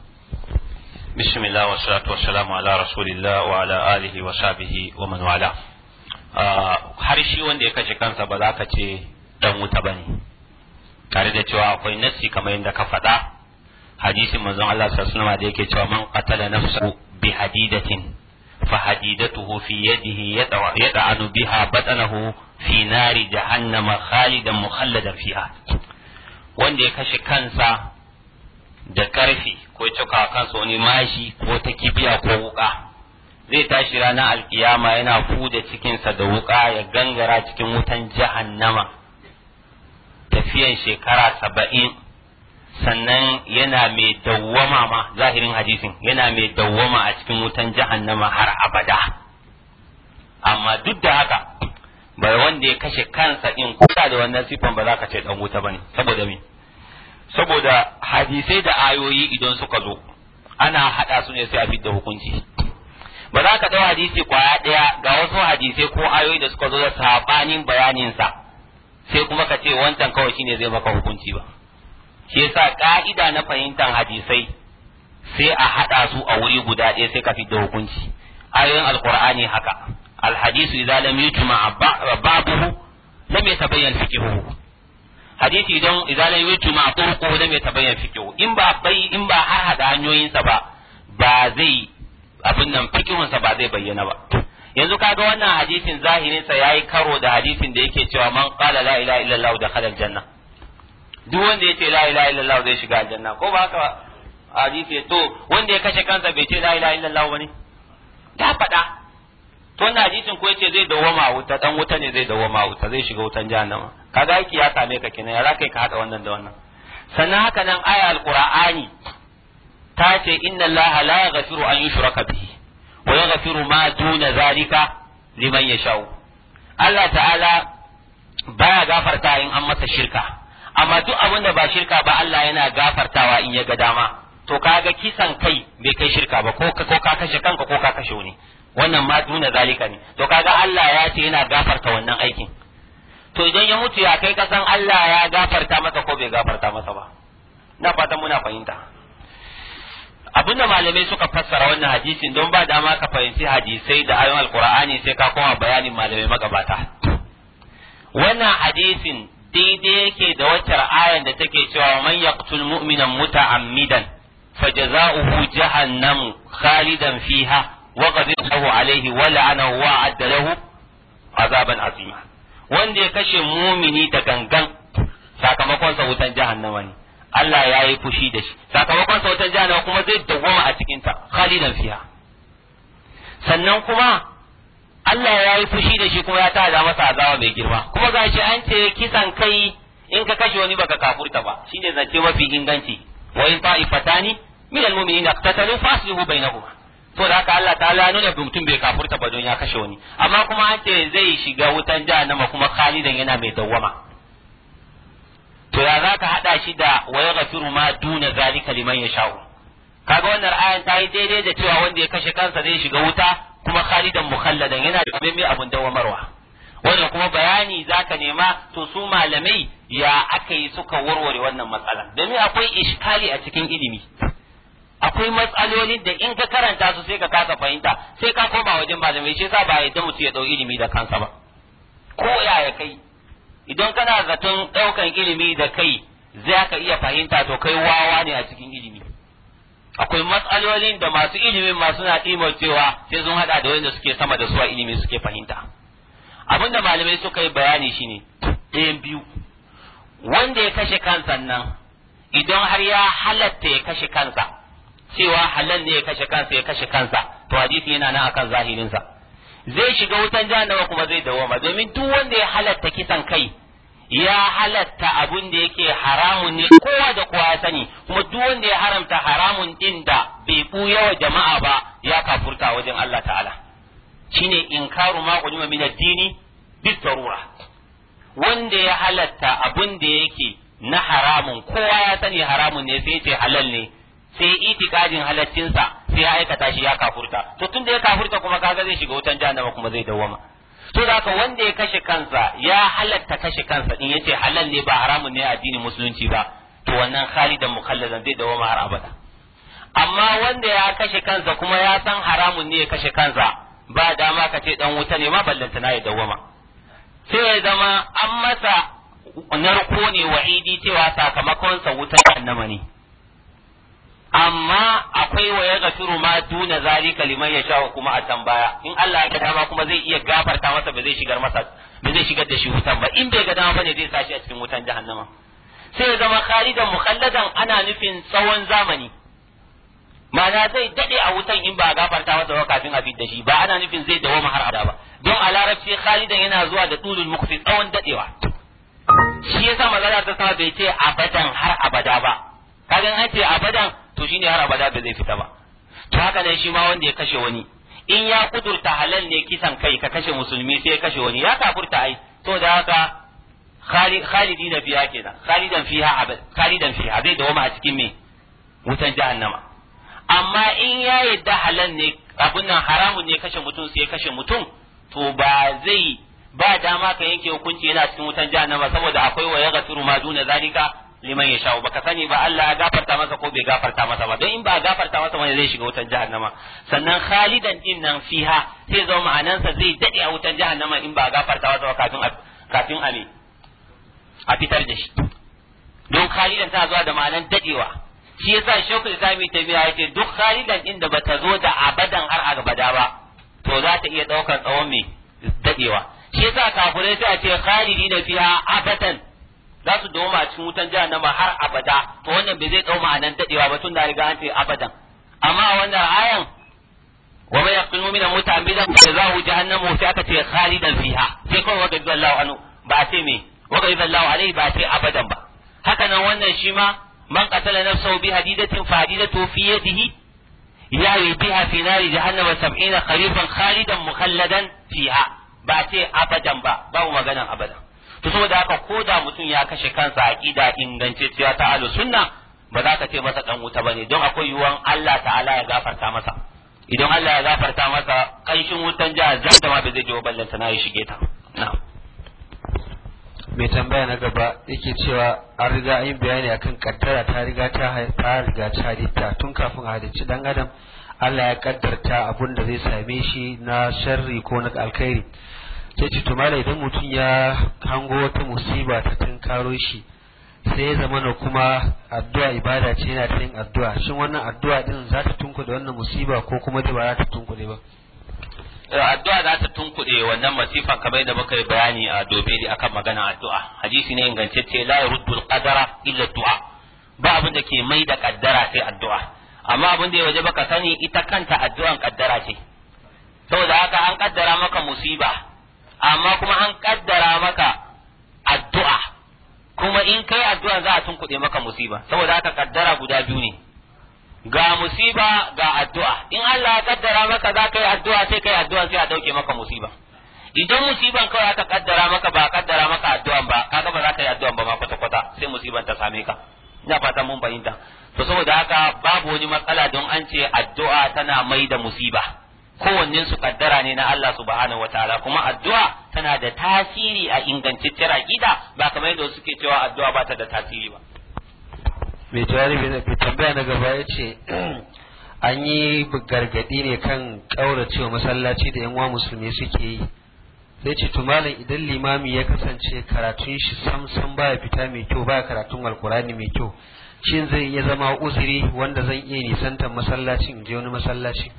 bismillah wa salatu wa salamu ala rasulillah wa ala alihi wa sahbihi wa man wala ah, har shi wanda ya kashe kansa ba za ka ce dan wuta ba ne tare da cewa akwai nasi kamar yadda ka faɗa hadisin manzon Allah sallallahu alaihi wasallam da yake cewa man qatala nafsahu bi hadidatin fa hadidatuhu fi yadihi yad'anu biha batnahu fi da jahannama khalidan mukhalladan fiha wanda ya kashe kansa da karfi ko cika kansa mashi ko ta kibiya ko wuƙa zai tashi ranar alkiyama yana fuda cikinsa da wuƙa ya gangara cikin wutan nama tafiyan shekara saba'in sannan yana mai dawwama ma zahirin hadisin yana mai dawwama a cikin wutan jahannama har abada amma duk da haka bai wanda ya kashe kansa in kusa da wannan sifan ba za ka ce dan wuta bane saboda me saboda hadisai da ayoyi idan suka zo ana hada su ne sai a fitar da hukunci ba za ka dau hadisi kwaya daya ga wasu hadisai ko ayoyi da suka zo da sabanin bayanin sa sai kuma ka ce wancan kawai shine zai maka hukunci ba shi yasa ka'ida na fahimtar hadisai sai a haɗa su a wuri guda ɗaya sai ka fidda hukunci ayoyin alqur'ani haka alhadisu idza lam yujma babuhu lam yatabayyan fiqhuhu hadisi idan idza lam yujma turquhu lam yatabayyan fiqhuhu in ba bai in ba har hada hanyoyin sa ba ba zai abin nan fiqhun sa ba zai bayyana ba yanzu kaga wannan hadisin zahirin sa yayi karo da hadisin da yake cewa man qala la ilaha illallah dakhala aljanna duk wanda ya ce la ilaha illallah zai shiga aljanna ko ba haka hadisi to wanda ya kashe kansa bai ce la ilaha illallah bane ta faɗa to wannan hadisin ko yace zai dawoma wuta dan wuta ne zai dawoma wuta zai shiga wutan jahannama kaga yake ya same ka kenan ya zaka ka hada wannan da wannan sannan haka nan aya alqur'ani ta ce inna allaha la yaghfiru an yushraka bihi wa yaghfiru ma duna zalika liman yashau Allah ta'ala baya gafarta in an masa shirka amma duk abin da ba shirka ba Allah yana gafartawa in ya ga dama to kaga kisan kai bai kai shirka ba ko ko ka kashe kanka ko ka kashe wani wannan ma duna zalika ne to kaga Allah ya ce yana gafarta wannan aikin to idan ya mutu ya kai kasan Allah ya gafarta masa ko bai gafarta masa ba na fatan muna fahimta abin da malamai suka fassara wannan hadisin don ba dama ka fahimci hadisai da ayoyin alkur'ani sai ka koma bayanin malamai magabata wannan hadisin daidai yake da waccar ayan da take cewa man yaqtul mu'mina muta'ammidan fajaza'uhu jahannam khalidan fiha wa alayhi wa wa adda lahu azaban azima wanda ya kashe mumini da gangan sakamakon sa wutan jahannama ne Allah ya yi fushi da shi sakamakon sa wutan jahannama kuma zai dawwama a cikin ta khalidan fiha sannan kuma Allah ya yi fushi da shi kuma ya da masa azaba mai girma kuma shi an ce kisan kai in ka kashe wani baka kafurta ba shine zance mafi inganci wa in ta'ifatani min almu'minin aqtatalu fasluhu bainahuma to da haka Allah ta'ala nuna mutum bai kafurta ba don ya kashe wani amma kuma an ce zai shiga wutan jahannama kuma khalidan yana mai dawwama to ya zaka hada shi da wa yaghfiru ma duna zalika liman yasha'u kaga wannan ayan ta yi daidai da cewa wanda ya kashe kansa zai shiga wuta kuma khalidan mukhalladan yana da abin mai abun dawamarwa wannan kuma bayani zaka nema to su malamai ya aka yi suka warware wannan matsala domin akwai iskali a cikin ilimi akwai matsaloli da in ka karanta su sai ka kasa fahimta sai ka koma wajen malamai shi yasa ba da mutum ya dau ilimi da kansa ba ko yaya kai idan kana zaton daukan ilimi da kai zai ka iya fahimta to kai wawa ne a cikin ilimi akwai matsalolin da masu ilimin masu na cewa sai sun hada da wanda suke sama da suwa ilimi suke fahimta abinda malamai suka yi bayani shine ɗayan biyu wanda ya kashe kansa nan idan har ya halatta ya kashe kansa cewa halal ne ya kashe kansa ya kashe kansa to hadisi yana nan akan zahirinsa zai shiga wutan jahannama kuma zai ma domin duk wanda ya halatta kisan kai ya halatta abun da yake haramun ne kowa da kowa ya sani kuma duk wanda ya haramta haramun din da bai buya wa jama'a ba ya kafurta wajen Allah ta'ala shine inkaru ma qulima min addini, bi tarura wanda ya halatta abun da yake na haramun kowa ya sani haramun ne sai ce halal ne sai itikadin halaccinsa sai ya aikata shi ya kafurta to tunda ya kafurta kuma kaga zai shiga wutan jahannama kuma zai dawwama to da ka wanda ya kashe kansa ya halatta kashe kansa din yace halal ne ba haramun ne addinin musulunci ba to wannan khalidan mukhalladan zai dawo har abada amma wanda ya kashe kansa kuma ya san haramun ne ya kashe kansa ba dama ka ce dan wuta ne ma ballanta na ya dawama sai ya zama an masa narko ne wa'idi cewa sakamakonsa wutar annama ne amma akwai wa ya gafiru ma duna zalika liman yasha kuma a tambaya in Allah ya dama kuma zai iya gafarta masa ba zai shigar masa ba zai shigar da shi wutan ba in bai ga dama bane zai sashi a cikin wutan jahannama sai ya zama khalidan mukhalladan ana nufin tsawon zamani ma'ana zai dade a wutan in ba a gafarta masa ba kafin a fidda shi ba ana nufin zai dawo har abada ba don a larabci khalidan yana zuwa da tulul mukfi tsawon dadewa shi yasa maza ta sa bai ce abadan har abada ba kaga an ce abadan to shine har abada ba zai fita ba to haka ne shi ma wanda ya kashe wani in ya kudurta halal ne kisan kai ka kashe musulmi sai ya kashe wani ya kafurta ai to da haka khalidina biya kenan khalidan fiha abad khalidan fiha zai dawoma a cikin me wutan jahannama amma in ya yadda halal ne abun nan haramun ne kashe mutum sai kashe mutum to ba zai ba dama ka yanke hukunci yana cikin wutan jahannama saboda akwai wa yaghfiru ma duna zalika liman ya sha'u baka sani ba Allah ya gafarta masa ko bai gafarta masa ba don in ba gafarta masa wani zai shiga wutar jahannama sannan khalidan din nan fiha sai zo ma'anansa zai dade a wutar jahannama in ba gafarta masa ba kafin kafin ame a fitar da shi don khalidan ta zuwa da ma'anan dadewa shi yasa shauku islami ta biya yace duk khalidan din da bata zo da abadan har abada ba to za ta iya daukar tsawon me dadewa shi yasa kafirai sai a ce khalidina fiha abadan za su dawoma a cikin wutan jahannama har abada to wannan bai zai dau ma'anan dadewa ba tun da riga an ce abadan amma a wannan ayan wa man yaqinu min muta'ammidan jazahu jahannamu sai aka ce khalidan fiha sai kawai waka jazallahu anhu ba a ce me waka jazallahu alaihi ba a ce abadan ba haka nan wannan shi ma man qatala nafsahu bi hadidatin fa hadidatu fi yadihi yawi biha fi nari jahannama 70 kharifan khalidan mukhalladan fiha ba sai abadan ba babu maganan abadan to saboda haka ko da mutum ya kashe kansa aqida ingantacciya ta alu sunna ba za ka ce masa dan wuta bane don akwai yuwan Allah ta'ala ya gafarta masa idan Allah ya gafarta masa kanshin wutan jihar zanta ma bai zai je ballanta na ya shige ta mai tambaya na gaba yake cewa an riga an yi bayani akan kaddara ta riga ta ta riga ta halitta tun kafin a halicci dan adam Allah ya kaddarta abun da zai same shi na sharri ko na alkhairi sai ce to mala idan mutum ya hango wata musiba ta tunkaro shi sai ya zama na kuma addu'a ibada ce yana ta yin addu'a shin wannan addu'a din za ta tunkuɗe wannan musiba ko kuma dai ba za ta tunkuɗe ba addu'a za ta tunkuɗe wannan masifan kamar yadda muka yi bayani a dobe da akan magana addu'a hadisi ne ingantacce la yuruddul qadara illa du'a ba abin da ke mai da kaddara sai addu'a amma abin da ya waje baka sani ita kanta addu'an kaddara ce saboda haka an kaddara maka musiba amma kuma an kaddara maka addu'a kuma in kai addu'a za a tunkuɗe maka musiba saboda haka kaddara guda biyu ne ga musiba ga addu'a in Allah ya kaddara maka za ka yi addu'a sai kai addu'a sai a dauke maka musiba idan musiban kawai aka kaddara maka ba kaddara maka addu'a ba kaga ba za ka yi addu'a ba ma kwata kwata sai musiban ta same ka ina fatan mun fahimta to saboda haka babu wani matsala don an ce addu'a tana mai da musiba kowannen su kaddara ne na Allah subhanahu wataala kuma addu'a tana da tasiri a ingantaccen aqida ba kamar yadda suke cewa addu'a ba ta da tasiri ba mai jaribi na tambaya na gaba ya ce an yi gargadi ne kan kauracewa masallaci da yan musulmi suke yi sai ce to malam idan limami ya kasance karatun shi samsam baya fita mai kyau baya karatun alkurani mai kyau shin zai iya zama uzuri wanda zan iya nisantar masallacin je wani masallaci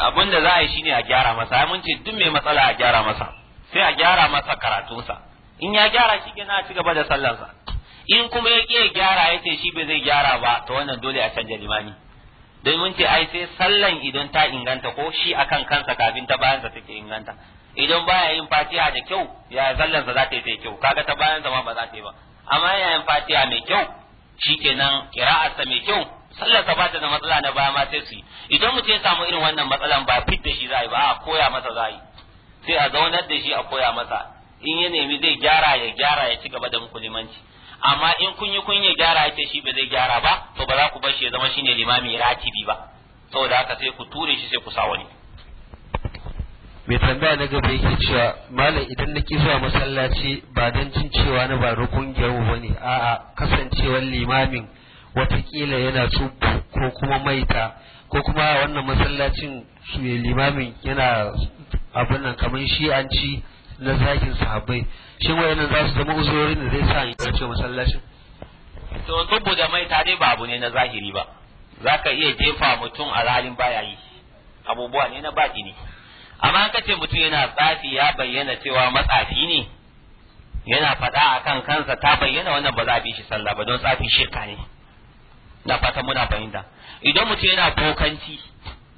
abin da za a yi shine a gyara masa mun ce duk mai matsala a gyara masa sai a gyara masa karatunsa in ya gyara shi kenan a ci gaba da sallarsa in kuma ya ƙi gyara ya ce shi bai zai gyara ba to wannan dole a canja limani. don mun ce ai sai sallan idan ta inganta ko shi akan kansa kafin ta bayansa take inganta idan baya yin fatiha da kyau ya sallansa za ta yi kyau kaga ta bayansa ma ba za ta yi ba amma yayin fatiha mai kyau shikenan kira'arsa mai kyau sallar sa bata da matsala na baya ma sai su yi idan mutum ya samu irin wannan matsalan ba fit da shi za yi ba a koya masa za yi sai a zaunar da shi a koya masa in ya nemi zai gyara ya gyara ya ci gaba da muku limanci amma in kun yi kun ya gyara yake shi ba zai gyara ba to ba za ku bar shi ya zama shine limami ratibi ba saboda haka sai ku ture shi sai ku sa wani mai tambaya na gaba yake cewa malam idan na ki zuwa masallaci ba don cin cewa na ba rukun gyaru ba ne a'a kasancewar limamin watakila yana tsubu ko kuma maita ko kuma wannan masallacin su limamin yana abin nan kamar shi'anci na zakin sahabbai shin yana za su zama uzurorin da zai sa in ce masallacin to tsubu da maita dai ba abu ne na zahiri ba za ka iya jefa mutum a ralin baya yi abubuwa ne na baki ne amma ka ce mutum yana tsafi ya bayyana cewa matsafi ne yana faɗa akan kansa ta bayyana wannan ba za a bi shi sallah ba don tsafin shirka ne na fatan muna fahimta idan mutum yana bokanci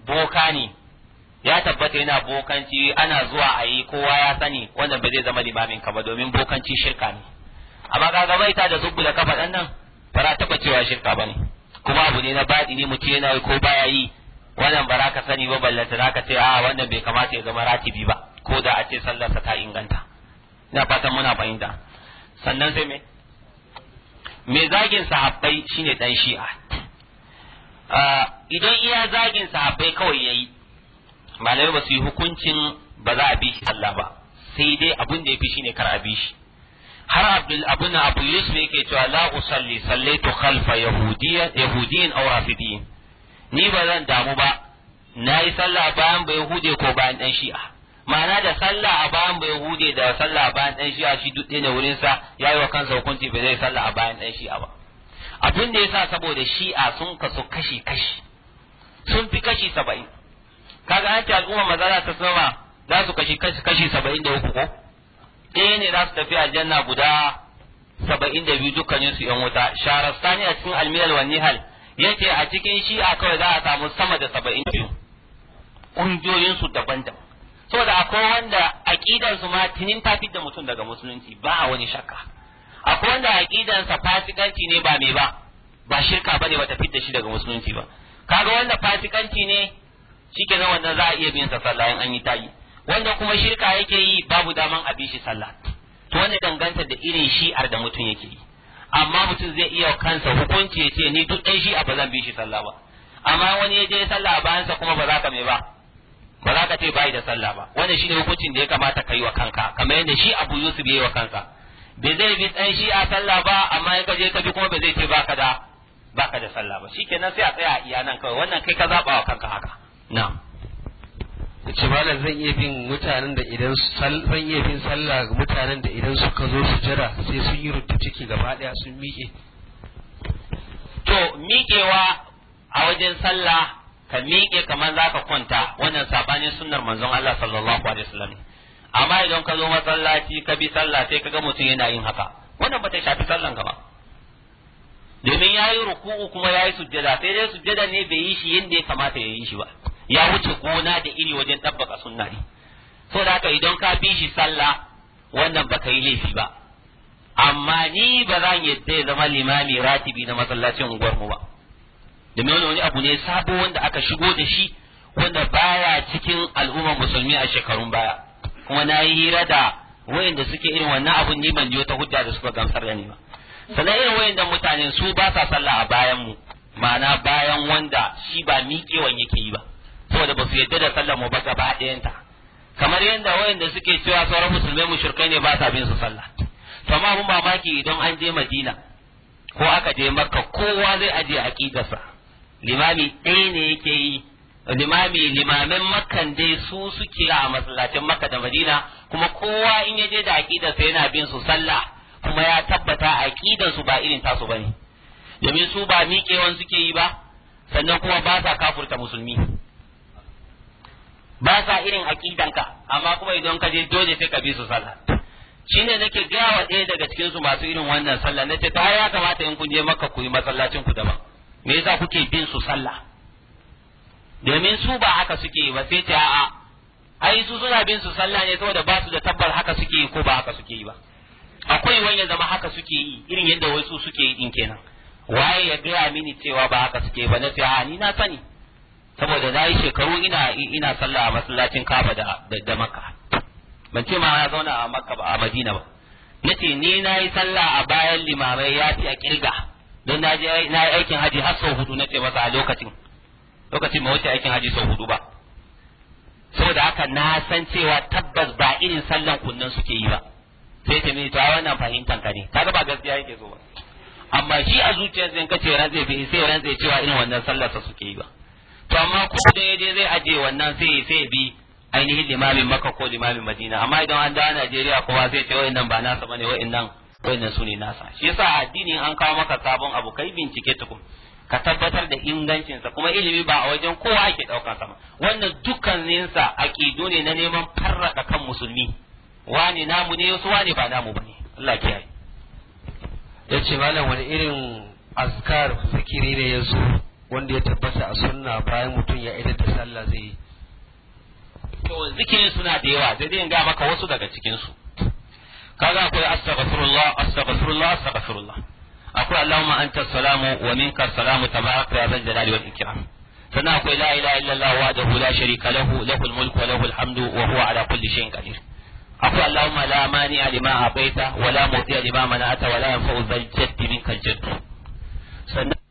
boka ne ya tabbata yana bokanci ana zuwa a yi kowa ya sani wannan ba zai zama limamin ka ba domin bokanci shirka ne amma kaga bai ta da zubbu da kafa dan nan ba za taba cewa shirka ba ne kuma abu ne na baɗi ne mutum yana yi ko baya yi wannan ba za ka sani ba ballanta za ka ce a ah, wannan bai kamata ya zama ratibi ba ko da a ce sallarsa ta inganta ina fatan muna fahimta sannan sai me mai zagin sahabbai shine dan shi'a ah, idan iya zagin sahabbai kawai yayi malamai ba su yi hukuncin ba za a bi shi Allah ba sai dai abin da ya fi shine kar a bi shi har abdul abun abu yusuf yake cewa la usalli sallaitu khalfa yahudiyyan yahudiyyin aw rafidiyyin ni ba zan damu ba nayi sallah bayan ba yahude ko bayan dan shi'a ma'ana da sallah a bayan bai hude da sallah a bayan dan shi'a shi duk ne wurin ya yayi wa kansa hukunci bai zai sallah a bayan dan shi'a ba abin da ya sa saboda shi'a sun kaso kashi kashi sun fi kashi saba'in kaga an ce al'umma mazala ta sama za su kashi kashi saba'in da uku ko eh ne za su tafi aljanna guda saba'in da biyu dukkanin su yan wuta sharastani a cikin almiyal wa nihal yace a cikin shi'a kawai za a samu sama da saba'in ƙungiyoyinsu daban-daban saboda akwai wanda aqidar su ma tinin ta da mutum daga musulunci ba a wani shakka akwai wanda aqidar sa fasikanci ne ba me ba ba shirka bane ba ta da shi daga musulunci ba kaga wanda fasikanci ne shike nan wanda za a iya bin sa sallah in an yi tayi wanda kuma shirka yake yi babu daman a bi shi sallah to wanda danganta da irin shi'ar da mutum yake yi amma mutum zai iya kansa hukunci ya ce ni duk ɗan shi'a ba zan bi shi sallah ba amma wani ya je sallah a bayansa kuma ba za ka mai ba ba za ka ce bai da sallah ba wannan shine hukuncin da ya kamata kai wa kanka kamar yadda shi Abu Yusuf yayi wa kanka bai zai bi dan shi a sallah ba amma in ka je ka bi kuma bai zai ce baka da baka da sallah ba shikenan sai a tsaya iya nan kawai wannan kai ka zaba wa kanka haka na'am ce malam zan iya bin mutanen da idan zan iya bin sallah mutanen da idan suka zo su jira sai sun yi rubutu ciki gaba daya sun miƙe to miƙewa a wajen sallah ka miƙe kamar za ka kwanta wannan sabanin sunnar manzon Allah sallallahu alaihi wasallam amma idan ka zo masallaci ka bi sallah sai ka ga mutum yana yin haka wannan ba ta shafi sallan ka ba domin ya yi ruku'u kuma ya yi sujjada sai dai sujjada ne bai yi shi yadda ya kamata ya yi shi ba ya wuce gona da iri wajen ɗabbaka sunna ne so da haka idan ka bi shi sallah wannan baka yi laifi ba amma ni ba zan yadda ya zama limami ratibi na masallacin unguwar mu ba domin wani abu ne sabo wanda aka shigo da shi wanda baya cikin al'ummar musulmi a shekarun baya kuma na yi hira da wayanda suke irin wannan abun ni ban ji ta hujja da suka gamsar da ni ba sannan irin wayanda su ba sa sallah a bayan mu ma'ana bayan wanda shi ba miƙewan yake yi ba saboda ba su yadda da sallar mu ba gaba ɗayanta kamar yadda wayanda suke cewa sauran musulmai mushrikai ne ba sa bin su sallah to amma mamaki idan an je Madina ko aka je Makka kowa zai aje aqidarsa limami ɗaya ne yake yi limami limamin makan dai su suke a masallacin makka da madina kuma kowa in ya je da sa yana bin su sallah kuma ya tabbata su ba irin tasu bane domin su ba miƙewan suke yi ba sannan kuma ba sa kafurta musulmi ba sa irin aƙidanka amma kuma idan ka je dole sai ka bi su sallah shine nake gaya wa ɗaya daga cikin su masu irin wannan sallah nace ta ya kamata in kun je makka ku yi masallacin ku daban me yasa kuke bin su sallah domin su ba haka suke ba sai ta a'a ai su suna bin su sallah ne saboda ba su da tabbar haka suke yi ko ba haka suke yi ba akwai wanda zama haka suke yi irin yadda wai su suke yi din kenan waye ya gaya mini cewa ba haka suke ba na ta ni na sani saboda na yi shekaru ina ina sallah a masallacin Kaaba da da Makka ban ce ma ya zauna a Makka ba a Madina ba nace ni na yi sallah a bayan limamai ya fi a kirga don na je na yi aikin haji har sau hudu na ce masa a lokacin lokacin ba wuce aikin haji sau hudu ba saboda haka na san cewa tabbas ba irin sallan kunnan suke yi ba sai ta mini to a wannan fahimtar ka ne ga ba gaskiya yake so ba amma shi a zuciyar zai kace ran zai bi sai ran zai cewa irin wannan sallar sa suke yi ba to amma ko da je zai aje wannan sai sai bi ainihin limamin Makka ko limamin Madina amma idan an dawo Najeriya kowa sai ce nan ba nasa bane nan. wannan su ne nasa shi yasa addinin an kawo maka sabon abu kai bincike tukun ka tabbatar da ingancinsa kuma ilimi ba a wajen kowa ake ɗaukar sama wannan dukkaninsa aƙidu ne na neman farraka kan musulmi wani namu ne wasu wani ba namu ba ne Allah ya ya ce malam wani irin azkar zikiri ne yanzu wanda ya tabbata a sunna bayan mutum ya ita da sallah zai yi to zikirin suna da yawa zai ga maka wasu daga cikinsu kaga akwai astaghfirullah astaghfirullah astaghfirullah akwai allahumma anta salamu wa minka salamu tabaraka ya zal jalali wal ikram sannan akwai la ilaha illallah wahdahu la sharika lahu lahul mulku wa lahul hamdu wa huwa ala kulli shay'in qadir akwai allahumma la mani'a lima abaita wa la mu'tiya lima mana'ata wa la yanfa'u dhal jaddi minka al sannan